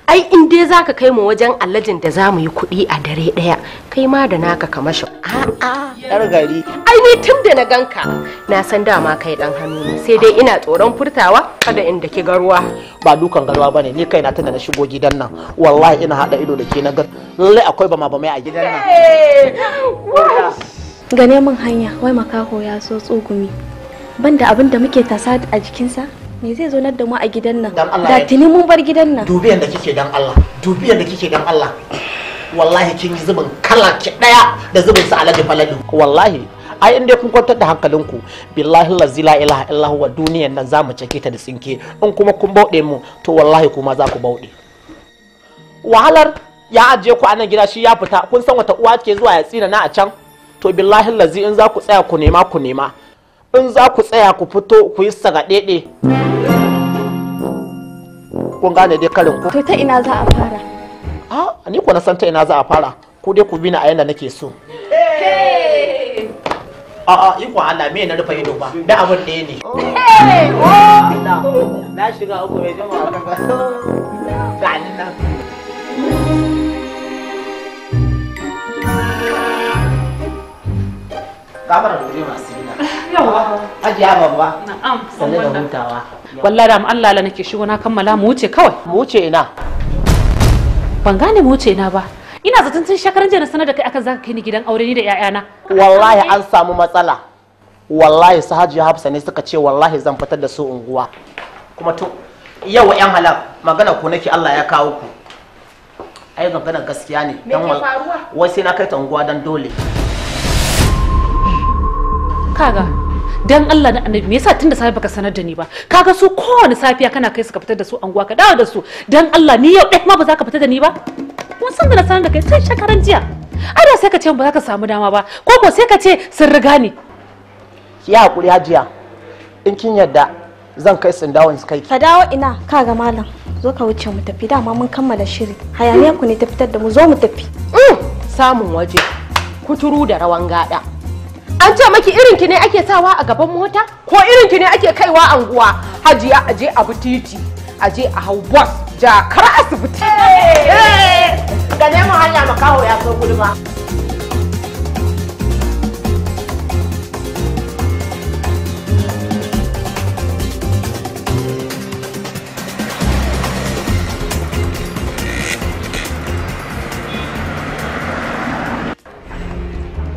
[SPEAKER 3] ai in dai zaka kai mu wajen allajin da zamu yi kuɗi a dare ɗaya kai ma da naka ka mashi a'a yar gari ai ni tun da na ganka na san dama kai dan hannu ne sai dai ina tsoron furtawa kada in
[SPEAKER 10] da ki garuwa ba dukan garuwa bane ni kai na tunda na shigo gidan nan wallahi ina hada ido da ke na gar lallai akwai bama mai a gidan
[SPEAKER 6] nan
[SPEAKER 4] gane min hanya wai makaho ya so tsugumi banda abin da muke tasa a jikinsa me zai zo da mu a gidan nan da tuni mun bar gidan nan dubi yanda
[SPEAKER 10] kike dan Allah dubi yanda kike dan Allah wallahi kin yi zubin kala ki daya da zubin sa alade falade wallahi ai inda kun kwantar da hankalinku billahi lazi la ilaha illa huwa duniyan nan zamu cike ta da tsinke in kuma kun bauɗe mu to wallahi kuma za ku bauɗe wahalar ya ajiye ku a nan gida shi ya fita kun san wata uwa ke zuwa ya tsina na a can to billahi lazi in za ku tsaya ku nema ku nema in za ku tsaya ku fito ku yi sagaɗeɗe kun gane dai karin ku to
[SPEAKER 6] ta ina za a fara
[SPEAKER 10] a ni ku na san ta ina za a fara ku dai ku bi a yanda nake so a'a ikon Allah me na rufe ido ba da abin da ne oh! na shiga uku mai jama'a ba ba nan kamar da
[SPEAKER 5] masu yawa ajiya babba na'am sanin da hutawa wallahi da Allah la nake shigo na kammala mu wuce kawai mu wuce ina ban gane mu wuce ina ba ina zaton tun shekaran jiya na sanar da kai akan zaka kai ni gidan aure ni da ƴaƴana wallahi
[SPEAKER 3] an samu matsala
[SPEAKER 10] wallahi su hajiya hafsa ne suka ce wallahi zan fitar da su unguwa kuma tun yau yan halal magana ku nake Allah ya kawo ku ai maganar gaskiya ne dan wai sai na kai ta unguwa dan dole
[SPEAKER 5] kaga dan Allah na annabi me yasa tun da safe baka sanar da ni ba kaga su kowane safiya kana kai suka ka fitar da su anguwa ka dawo da su dan Allah ni yau ɗaya ma ba za ka fitar da ni ba mun san da na sanar da
[SPEAKER 4] kai sai shekaran jiya
[SPEAKER 5] ai sai ka ce ba za ka samu dama ba ko ko sai ka ce sun riga ni
[SPEAKER 10] ki hakuri hajiya in kin yadda zan kai sun dawo kai
[SPEAKER 4] ka dawo ina kaga malam zo ka wuce mu tafi dama mun kammala shiri hayaniya ku ne ta fitar da mu zo mu tafi mm, samun waje kuturu da rawan gada
[SPEAKER 3] an ce maki irin ki ne ake sawa a gaban mota ko irin ki ne ake kaiwa anguwa hajiya aje abu titi aje a hau bus jakar asibiti ga mu hanya makaho ya so gulma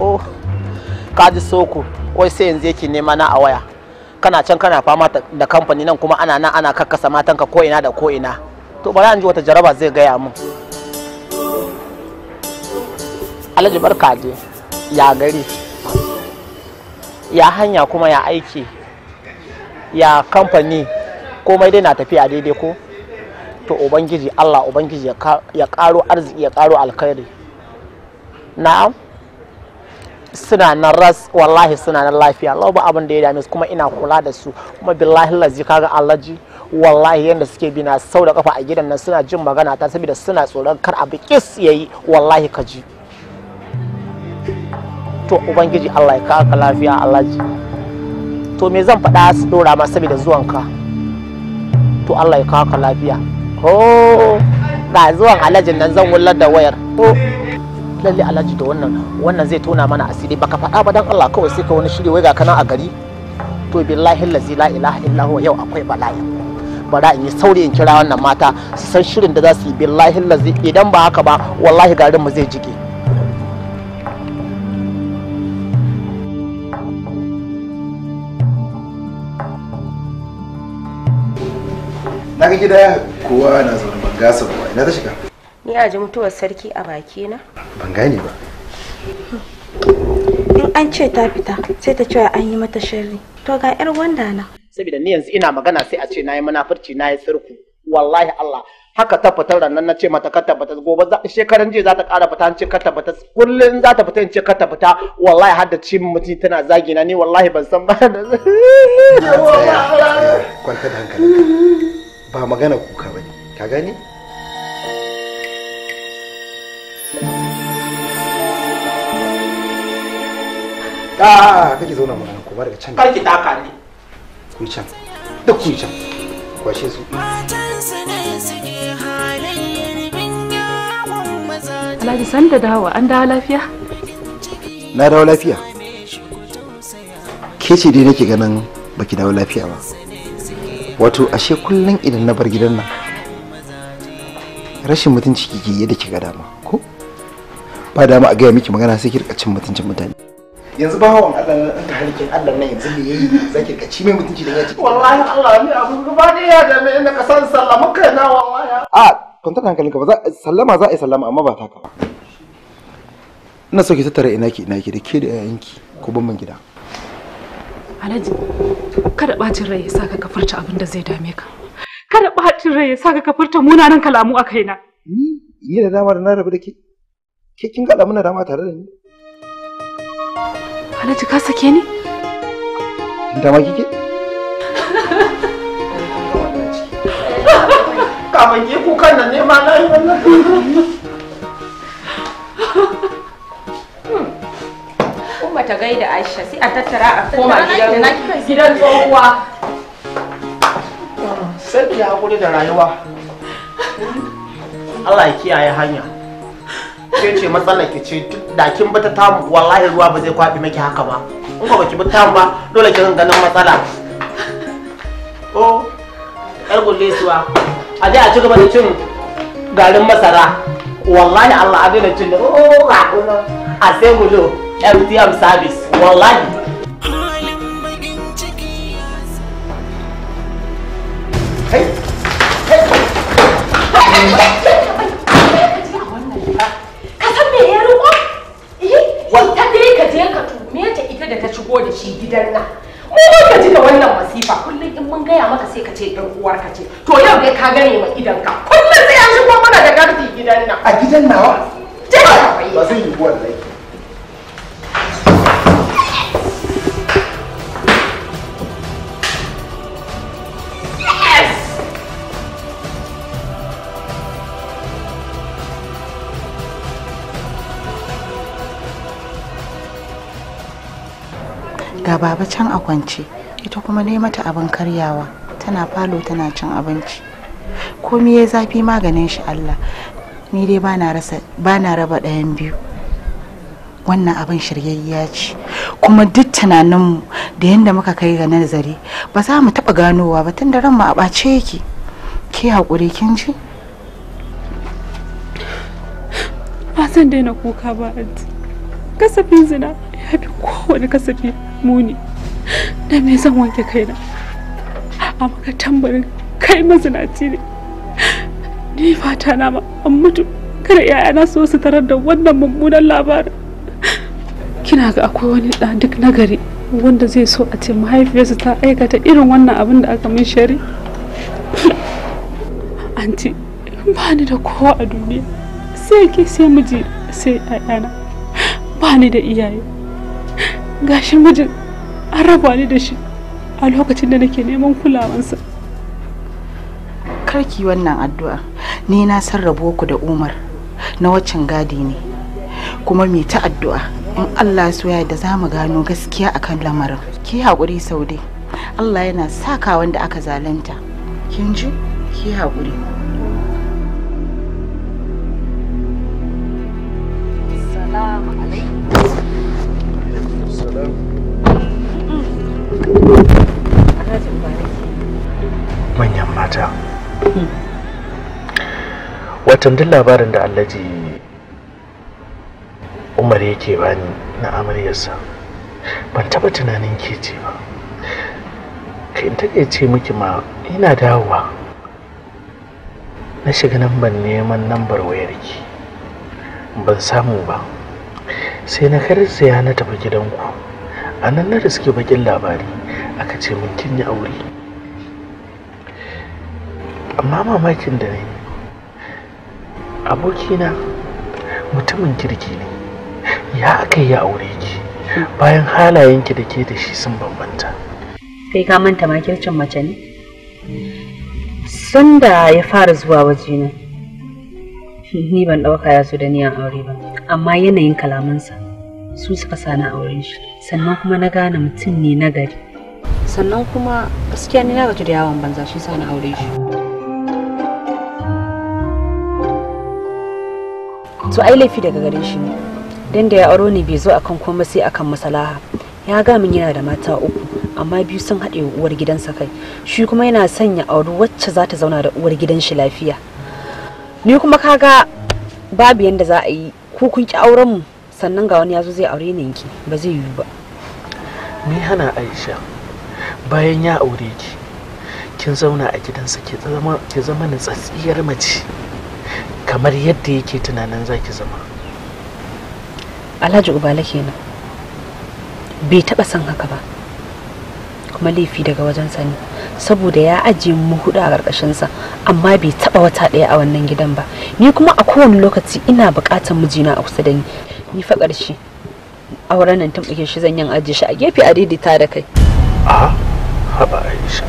[SPEAKER 10] Oh. kaji soko wai sai yanzu yake nema na a waya kana can kana fama da kamfani nan kuma ana nan ana kakkasa matanka ko ina da ko ina to bari an ji wata jaraba zai gaya mun alhaji barka je ya gari ya hanya kuma ya aiki ya kamfani komai dai na tafiya daidai ko to ubangiji allah ubangiji ya karo arziki ya karo alkhairi na'am suna nan ras wallahi suna nan lafiya lauba ba abin da ya dame su kuma ina kula da su kuma billahi lazi kaga alaji wallahi yanda suke bi na sau da kafa a gidan nan suna jin magana ta saboda suna tsoron kar abu kis yayi wallahi ka ji to ubangiji Allah ya kaka lafiya alaji to me zan faɗa su dora ma saboda zuwanka to Allah ya kaka lafiya ko oh, ga zuwan alajin nan zan wullar da wayar to oh. lalle alhaji da wannan wannan zai tona mana asiri baka faɗa ba dan Allah kawai sai ka wani shiri wai ga kana a gari to billahi lazi la ilaha illa huwa yau akwai bala'i bara in yi sauri in kira wannan mata su san shirin da za su yi billahi lazi. idan ba haka ba wallahi garin mu zai jike
[SPEAKER 2] na ga gida kowa na zaune ban gasa ba ina ta shiga
[SPEAKER 3] ni a ji mutuwar sarki a
[SPEAKER 4] baki na. ban gane ba in an ce ta fita sai ta cewa an yi mata sharri to ga yar wanda na
[SPEAKER 10] saboda ni yanzu ina magana sai a ce na yi munafurci na yi sirku wallahi Allah haka ta fitar rannan na ce mata ka tabbata gobe shekaran jiya za ta ƙara fita ce ka tabbata kullum za ta fita in ce ka tabbata wallahi har da ci mutum tana zagi na ni wallahi ban san ba da
[SPEAKER 2] kwanta da hankali ba magana kuka bane ka gani a ah, ah, ah, kake zauna mu ko kuma daga can kar ki taka ni ku can duk ku can kwashe
[SPEAKER 12] su
[SPEAKER 5] Alhaji san da dawo an dawo lafiya? Na dawo
[SPEAKER 2] lafiya. Ke ce dai nake ganin baki dawo lafiya ba. Wato ashe kullum idan na bar gidan nan rashin mutunci ke yadda kika dama ko? Ba dama a gaya miki magana sai ki rika cin mutuncin mutane. yanzu wa Allah nan an ta halikin Allah nan yanzu me yayi zaki ka ci mai mutunci da ya wallahi Allah
[SPEAKER 11] ne abu gaba
[SPEAKER 2] da ya da me inda ka san sallama kai na wallahi a kwanta hankalinka ba za sallama za a yi sallama amma ba taka ba ina so ki tattara ina ki ina ki da ke da yayanki ko ban gida
[SPEAKER 5] Alhaji kada bacin rai ya saka ka furta abin da zai dame ka kada bacin rai ya saka ka furta munanan kalamu a kaina
[SPEAKER 2] ni yi da dama da na rabu da ke ke kin ga da muna dama tare da ni
[SPEAKER 5] Alhaji ka sake ni?
[SPEAKER 2] Da ma kike?
[SPEAKER 10] Ka Kamar yi kukan nan ne ma na yi wannan.
[SPEAKER 3] Umma ta gaida Aisha sai a tattara a koma gidan gidan tsohuwa. Sai
[SPEAKER 10] ki hakuri da rayuwa. Allah ya kiyaye hanya. ke ce matsala ke ce da kin bata tamu wallahi ruwa ba zai kwabi miki haka ba in ba baki bata tamu ba dole kin ganin matsala oh yar gullesuwa a a ci gaba da cin garin masara wallahi Allah a daina cin da a sai MTM service wallahi
[SPEAKER 3] Hey! Hey! da ta shigo da shi gidan nan mu ka ji da wannan masifa kullum in mun gaya maka sai ka ce ɗan uwar ka ce to yau dai ka gane ma idan ka kullum sai an shigo mana da gardi gidan nan a
[SPEAKER 2] gidan nawa ba zai yi wallahi
[SPEAKER 9] ga baba can a kwance ita kuma ne mata abin karyawa tana falo tana cin abinci komi ya zafi maganin shi Allah ni dai ba na raba ɗayan biyu wannan abin shiryayya ce kuma duk tunaninmu da yadda muka kai ga nazari ba za mu taɓa ganowa ba tun da ranmu a ɓace yake ke haƙuri kin ji
[SPEAKER 5] ba zan daina kuka ba kasafin zina ya fi kowane kasafi muni da me zan wanke kaina a maka tambarin kai mazinaci ne ni fata na ma an mutu kada iyayana so su tarar da wannan mummunan labarin kina ga akwai wani da duk nagari wanda zai so a ce mahaifiyarsa ta aikata irin wannan abin da aka min shari anti ba ni da kowa a duniya sai ke sai miji sai 'ya'yana ba ni da iyaye gashin mijin an raba ni da shi a lokacin da nake neman kulawansa karki wannan addu'a
[SPEAKER 9] ni na san ku da umar na waccan gadi ne kuma mai ta addu'a in allah so ya da za mu gano gaskiya akan lamarin ki haƙuri sau dai allah yana saka wanda aka zalunta kin ji ki haƙuri
[SPEAKER 11] manyan mata watan duk labarin da allaji umar yake bani na amaryarsa ban taba tunanin ke ce ba kai take ce miki ma ina dawowa na shiga nan ban neman nambar wayarki ban samu ba sai na ya na tafi gidanku a nan na riske bakin labari aka ce mun kin yi aure amma mamakin da ne abokina mutumin kirki ne ya aka yi aure ki bayan halayenki da ke da shi sun bambanta
[SPEAKER 1] kai ka manta makircin mace ne sanda ya fara zuwa wajena ni ban ɗauka ya zo da niyan aure ba amma yanayin kalamansa su suka sa na auren shi sannan kuma na gane mutum ne na gari sannan kuma gaskiya ni na gaji da yawon banza shi sa na aure shi to ai laifi daga gare shi ne dan da ya aure ni bai zo akan komai sai akan masalaha ya ga min yana da mata uku amma biyu sun haɗe uwar gidansa kai shi kuma yana ya auri wacce za ta zauna da uwar gidan shi lafiya ni kuma kaga babu yanda za a yi ku kun ki auren mu sannan ga wani yazo zai aure ninki ba zai yiwu ba
[SPEAKER 11] ni hana aisha bayan ya aure ki kin zauna a gidansa ke zama nutsatsiyar mace kamar yadda yake tunanin za ki zama alhaji ubala kenan bai taba son haka
[SPEAKER 1] ba kuma laifi daga wajen ne saboda ya ajiye mu hudu a ƙarƙashinsa amma bai taba wata ɗaya a wannan gidan ba ni kuma a kowane lokaci ina buƙatar mijina a kusa da ni ni fa ƙarshe auren nan tumɓuke shi zan yin ajiye shi a gefe a daidaita da kai
[SPEAKER 11] a haba aisha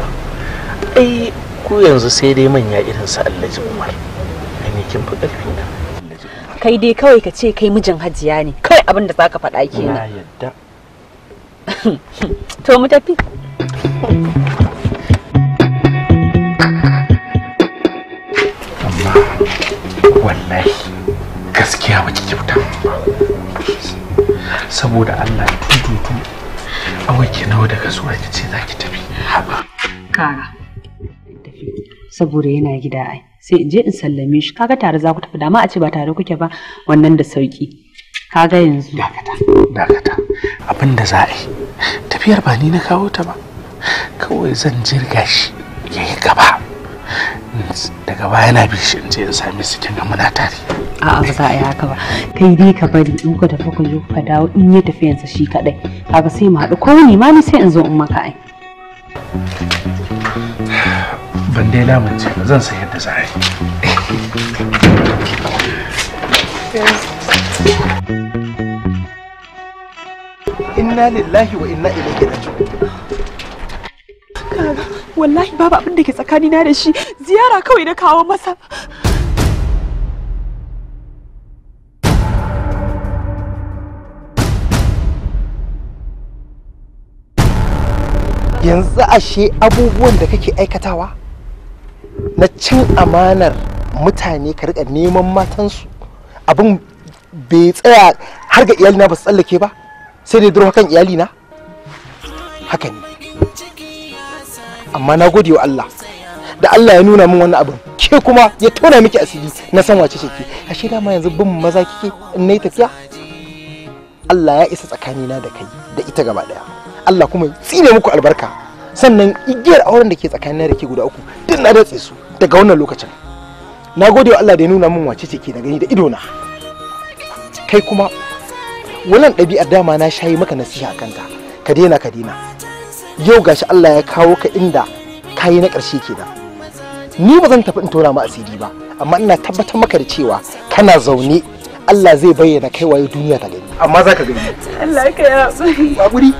[SPEAKER 11] ai ku yanzu sai dai manya irin su allaji umar ne kin fi ƙarfi
[SPEAKER 1] kai dai kawai ka ce kai mijin hajiya ne kawai abin da zaka faɗa ke na yadda [LAUGHS] to mu tafi
[SPEAKER 11] amma wallahi gaskiya ba kyauta saboda Allah tututu awa ki nawa daga zuwa ki ce za ki tafi haba kaga tafi
[SPEAKER 1] saboda yana gida ai sai in je in sallame shi kaga tare za ku tafi dama a ce ba tare kuke ba wannan da
[SPEAKER 11] sauki kaga yanzu dakata dakata abin da za a yi tafiyar ba ni na kawo ta ba kawai zan jirga shi ya yi gaba daga baya na bishi in je in same su kin ga muna tare a'a ba za a yi haka ba
[SPEAKER 1] kai dai ka bari in ka tafi ku zo ka dawo in ya tafi yansa shi kadai kaga sai mu haɗu ko ni ma ni sai in zo in maka ai
[SPEAKER 11] ban dai lamunce ba zan san yadda za a yi
[SPEAKER 2] inna lillahi wa inna ilaihi raji'un
[SPEAKER 5] wallahi babu abin da ke na da shi ziyara kawai na kawo masa
[SPEAKER 2] yanzu ashe abubuwan da kake aikatawa na cin amanar mutane ka rika neman matansu abin bai tsaya har ga iyalina ba su tsallake ba sai dai duro kan iyalina haka ne amma na gode wa Allah da Allah ya nuna min wannan abin ke kuma ya tona miki asiri na san wace ke ashe dama yanzu bin maza kike in nayi tafiya Allah ya isa tsakanina da kai da ita gaba daya Allah kuma ya tsine muku albarka sannan igiyar auren da ke tsakanina da ke guda uku duk na datse su daga wannan lokacin na gode wa Allah da ya nuna min wace ke da gani da na kai kuma wannan ɗabi'ar dama na shayi maka nasiha kanta ka daina ka daina yau gashi Allah ya kawo ka inda kayi na ƙarshe da ni ba zan tafi in tona ma asiri ba amma ina tabbatar maka da cewa kana zaune Allah zai bayyana kai waye duniya ta gani amma za ka gani
[SPEAKER 6] Allah ka yaɓuri hakuri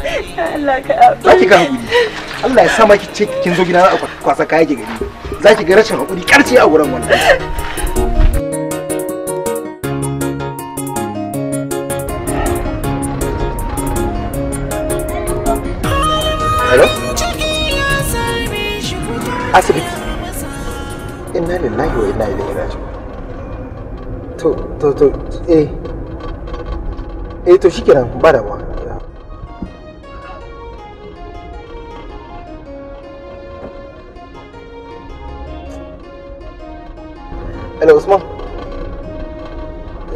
[SPEAKER 6] Allah
[SPEAKER 8] ka yaɓuri
[SPEAKER 2] za ki ga haƙuri Allah ya sa maki ce kin zo gidana kwasa ki gani zaki ga rashin hakuri karshe a wurin wannan asibiti inna lillahi wa inna ilaihi raji'un to to to eh eh to shikenan ba damuwa Hello Usman.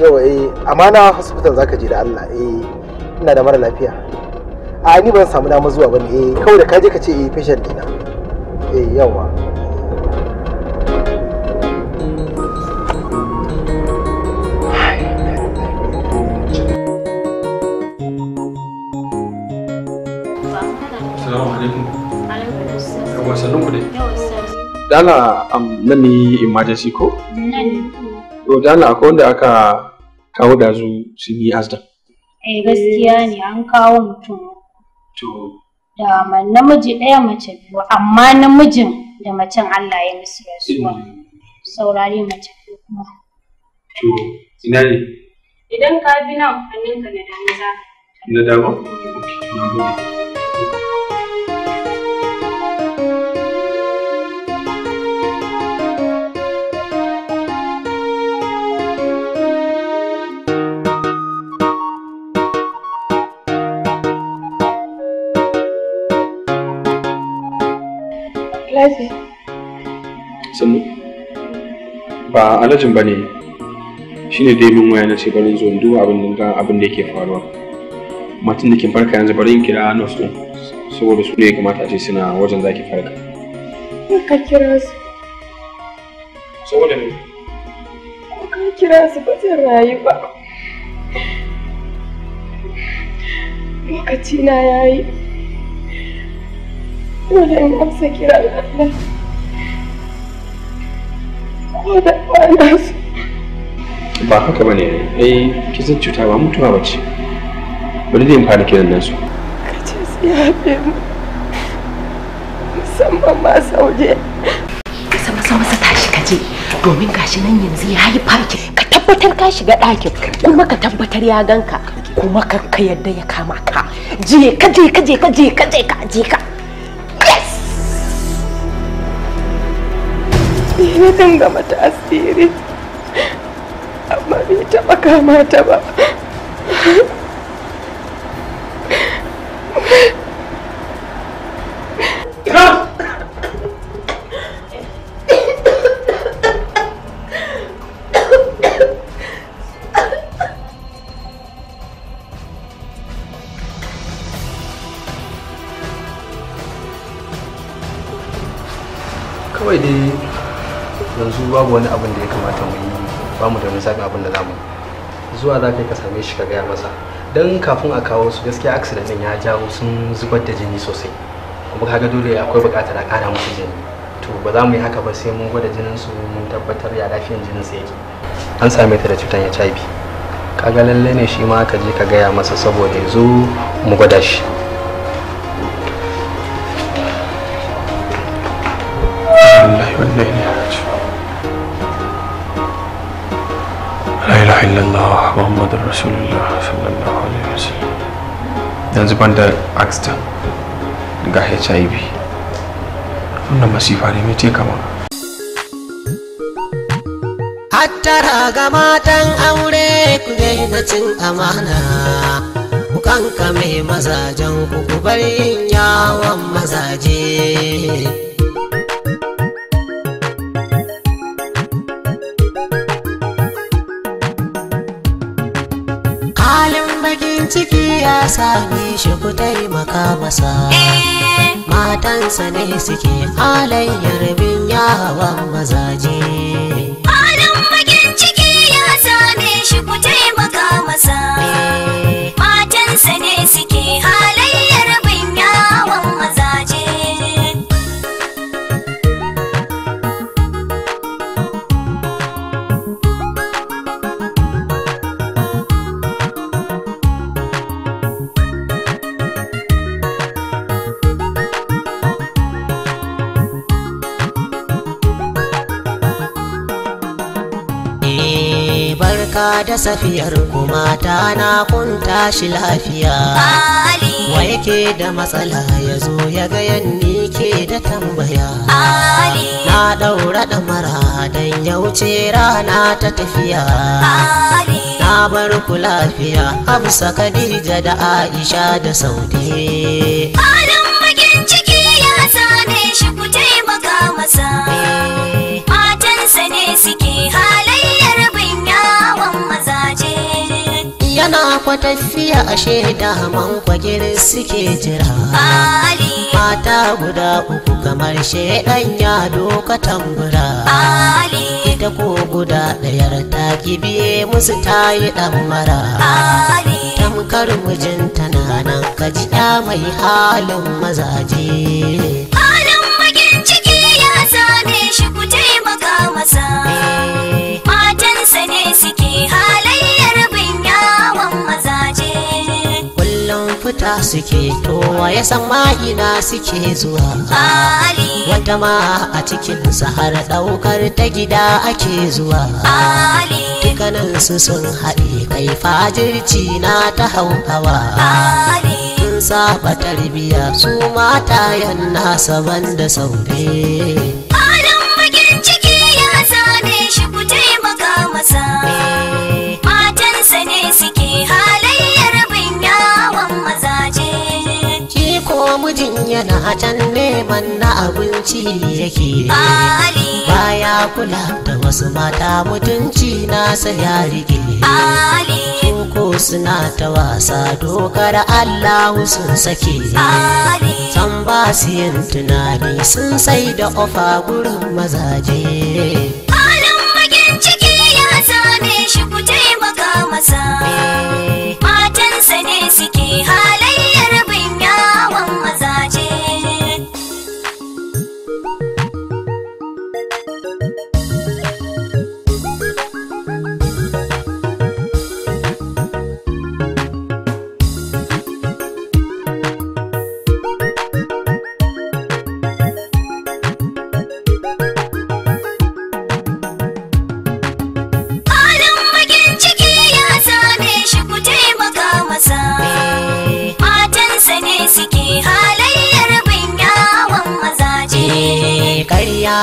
[SPEAKER 2] Yawa eh amana hospital zaka je da Allah eh ina da mara lafiya. A ni ban samu dama zuwa bane eh kawai da kaje ka ce eh patient dina. eh yawa
[SPEAKER 11] Dala am nani emergency ko? Nani. Oh, ko? Dala akwai wanda aka kawo da su sun yi asda.
[SPEAKER 5] Eh gaskiya ne an kawo mutum.
[SPEAKER 11] To
[SPEAKER 3] da namiji ɗaya mace biyu amma namijin da macen Allah ya musu
[SPEAKER 9] rasuwa hmm.
[SPEAKER 3] saurari mace biyu kuma.
[SPEAKER 11] To ina ne?
[SPEAKER 5] Idan ka bi nan hannunka na dama za ka.
[SPEAKER 11] Na dama? Hmm. Alhaji. Sannu? Ba alhajin ba ne, shi ne dai min waya na ce barin zo duba abin da abin da yake faruwa. Matan da ke farka yanzu barin kira nurse ɗin, saboda su ne kamata a ce suna wajen zaki farka.
[SPEAKER 3] Ka kira su. Saboda ne? Ka kira su ba zan rayu ba. Lokaci na yayi.
[SPEAKER 6] dole in amsa kiran Allah ko da ba su
[SPEAKER 11] ba haka ba ne ai eh, kisan cuta ba mutuwa ba ce bari zai fara kiran nan su ka
[SPEAKER 8] ce su ya haɗe
[SPEAKER 3] mu musamman ma sauje sama sama sa tashi ka je domin gashi nan yanzu ya yi farki ka tabbatar ka shiga ɗakin kuma ka tabbatar ya ganka kuma ka yadda ya kama ka je ka je ka je ka je ka je ka je ka
[SPEAKER 11] ya ga mata asiri amma bai taba kama ta ba
[SPEAKER 2] wani abin da ya kamata mu yi ba mu da wani zaɓin abin da za mu zuwa za ka same shi ka gaya masa don kafin a kawo su gaskiya accident din ya jawo sun zubar da jini sosai kuma kaga dole akwai buƙatar a ƙara musu jini to ba za mu yi haka ba sai mun gwada jinin su mun tabbatar ya lafiyan jinin sa yake an same ta da cutar HIV kaga lalle ne shi ma ka je ka gaya masa saboda ya zo mu gwada shi
[SPEAKER 11] wallahi wallahi illallah muhammadun rasulullah sallallahu alaihi wasallam yanzu ban da accident ga hiv wannan masifa ne mai kama
[SPEAKER 12] hattara ga matan aure ku daina cin amana ku kanka mai mazajen ku ku bar yawon mazaje farin ciki ya same shi ku taimaka masa matansa ne suke halayyar bin yawan
[SPEAKER 6] mazaje halin bakin ciki ya same shi ku taimaka masa eh. matansa ne suke halayyar
[SPEAKER 12] ta safiyar kuma ta na kun tashi lafiya wa yake da matsala ya zo ya ga yanni ke da tambaya na ɗaura mara don ya wuce rana ta tafiya na bar ku lafiya amsa khadija da aisha da saudi halin
[SPEAKER 6] bakin ciki ya same shi ku taimaka masa eh. matansa ne suke hala.
[SPEAKER 12] kwatafiya ashe daman kwagir suke jira mata guda uku kamar shaidan ya doka tambura ita ko guda ɗayar ta kibiye musu ta yi mara. tamkar mijinta na nan kaji mai halin
[SPEAKER 6] mazaje halin magin ciki ya same shi ku taimaka masa eh. matansa ne suke halin
[SPEAKER 12] fita suke towa ya san ma'ina suke zuwa wata ma a cikin sahara daukar ta gida ake zuwa su sun haɗe kai fajirci na ta hau hawa sun saba tarbiya su yan nasa banda saube jin yana can neman na abinci yake
[SPEAKER 6] baya
[SPEAKER 12] kula da wasu mata mutunci nasa ya rike ko suna ta wasa dokar allahu sun sake can ba su yin tunani sun sai da ofa gurin mazaje
[SPEAKER 6] halin magin ciki ya same shi ku taimaka masa eh. matansa ne suke halin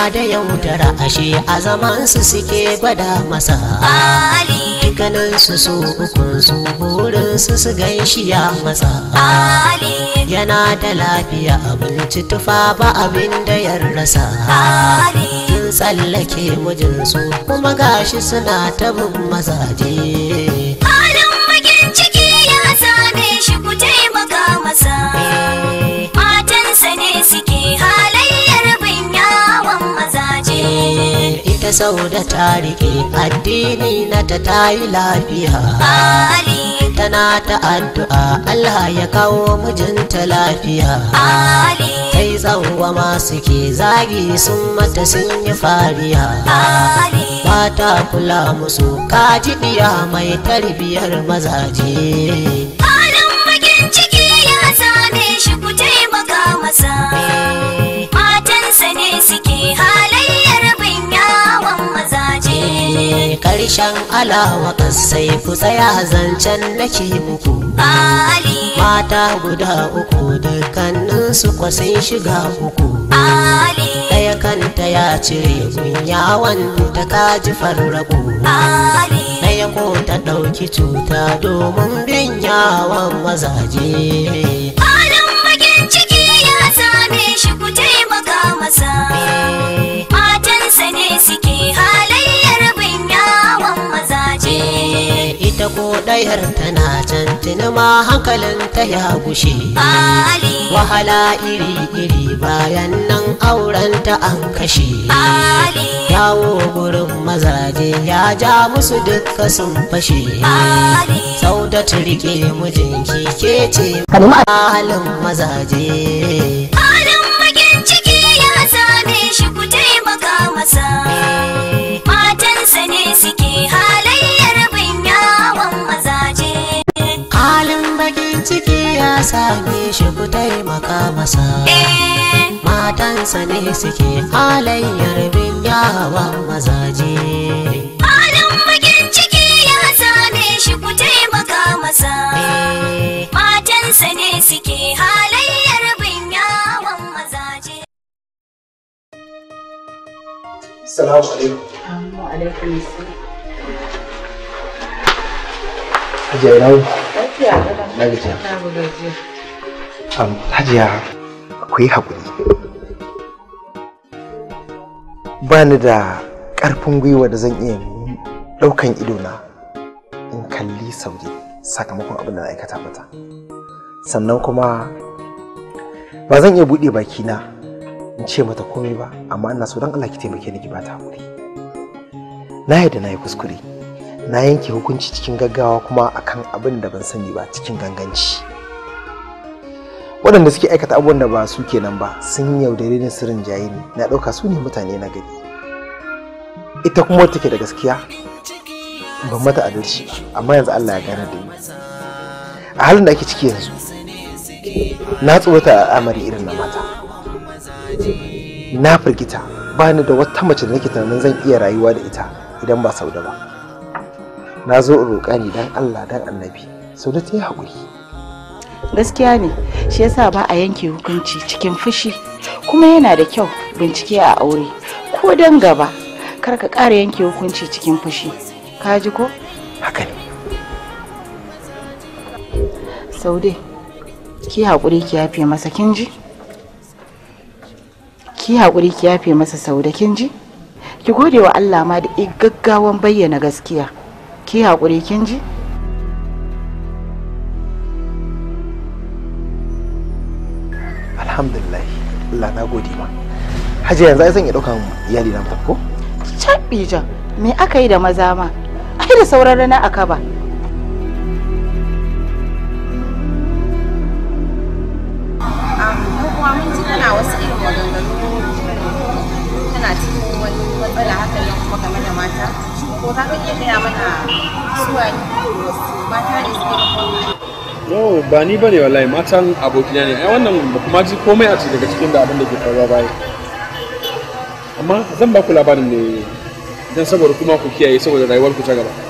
[SPEAKER 12] da yaudara ashe a zaman su suke gwada masa ali ganin su su ukun su burin su su shi ya masa ali yana da lafiya abinci tufa ba abin da ya rasa ali tsallake mijinsu kuma gashi suna tabin mazaje sau da ta riƙe addini na ta tayi lafiya Ali tana ta addu'a Allah ya kawo mijinta lafiya Ali kai zauwa masu ke zagi sun mata sun yi fariya Ali ba ta kula musu kaji biya mai tarbiyar
[SPEAKER 6] mazaje Halin bakin ciki ya same shi ku taimaka masa eh. matansa ne suke
[SPEAKER 12] karshen alawa sai ku tsaya zancen nake muku mata guda uku dukkanin su kwasai shiga uku ɗaya kanta ya cire gunyawan ta kaji farraku ɗaya ko ta ɗauki cuta domin bin mazaje halin
[SPEAKER 6] ya same shi ku taimaka masa eh. ita ko
[SPEAKER 12] ɗayar tana can ma hankalin ta ya gushe wahala iri-iri bayan nan auren ta an kashe yawo gurin mazaje ya ja musu dukka sun fashe sau da turke mijinki ke ce halin mazaje
[SPEAKER 6] halin bakin ciki ya same shi ku taimaka masa
[SPEAKER 12] masa eh. matansa ne suke halayyar bin yawa
[SPEAKER 6] mazaje halin bakin ciki ya same shi ku taimaka masa eh. matansa ne suke halayyar bin yawa mazaje
[SPEAKER 9] salamu alaikum alaikum
[SPEAKER 2] Jai Rau. Na gajiya. Na hajiya ku yi ba ni da ƙarfin gwiwa da zan iya ɗaukan ido na in kalli sauri sakamakon abin da aikata mata sannan kuma ba zan iya buɗe bakina in ce mata komai ba amma ina so don Allah ki taimake ni ki ba ta haƙuri na yadda na yi kuskure na yanke hukunci cikin gaggawa kuma akan abin da ban sani ba cikin ganganci waɗanda suke aikata abubuwan da ba su kenan ba sun yaudare ni sirrin jayini na ɗauka su ne mutane na gari ita kuma wata da gaskiya ban mata adalci amma yanzu Allah ya gane da ni a halin da ake ciki yanzu na tsorata a al'amari irin na mata na firgita ba ni da wata mace da nake tunanin zan iya rayuwa da ita idan ba sauda ba na zo in roƙa ni dan Allah dan
[SPEAKER 9] annabi sau da ta yi haƙuri gaskiya ne shi yasa ba a yanke hukunci cikin fushi kuma yana da kyau bincike a aure ko dan gaba kar ka ƙara yanke hukunci cikin fushi ka ji ko haka ne saude ki haƙuri ki yafe masa kin ji ki haƙuri ki yafe masa saude kin ji ki gode wa Allah ma da gaggawan bayyana gaskiya ki haƙuri kin ji
[SPEAKER 2] alhamdulillah Allah na gode ma hajiya yanzu ai zan iya ɗaukan iyali na mutum ko
[SPEAKER 9] caɓi me aka yi da maza ma ai da sauran rana aka ba
[SPEAKER 3] tana wasu irin ko za ka iya gaya mana suwa wasu
[SPEAKER 9] mata ne suke da
[SPEAKER 11] no ba ni bane wallahi matan abokina ne ai wannan ba kuma ji komai a daga cikin da abin da ke faruwa bai amma zan ba ku labarin ne dan saboda kuma ku kiyaye saboda rayuwar ku ta gaba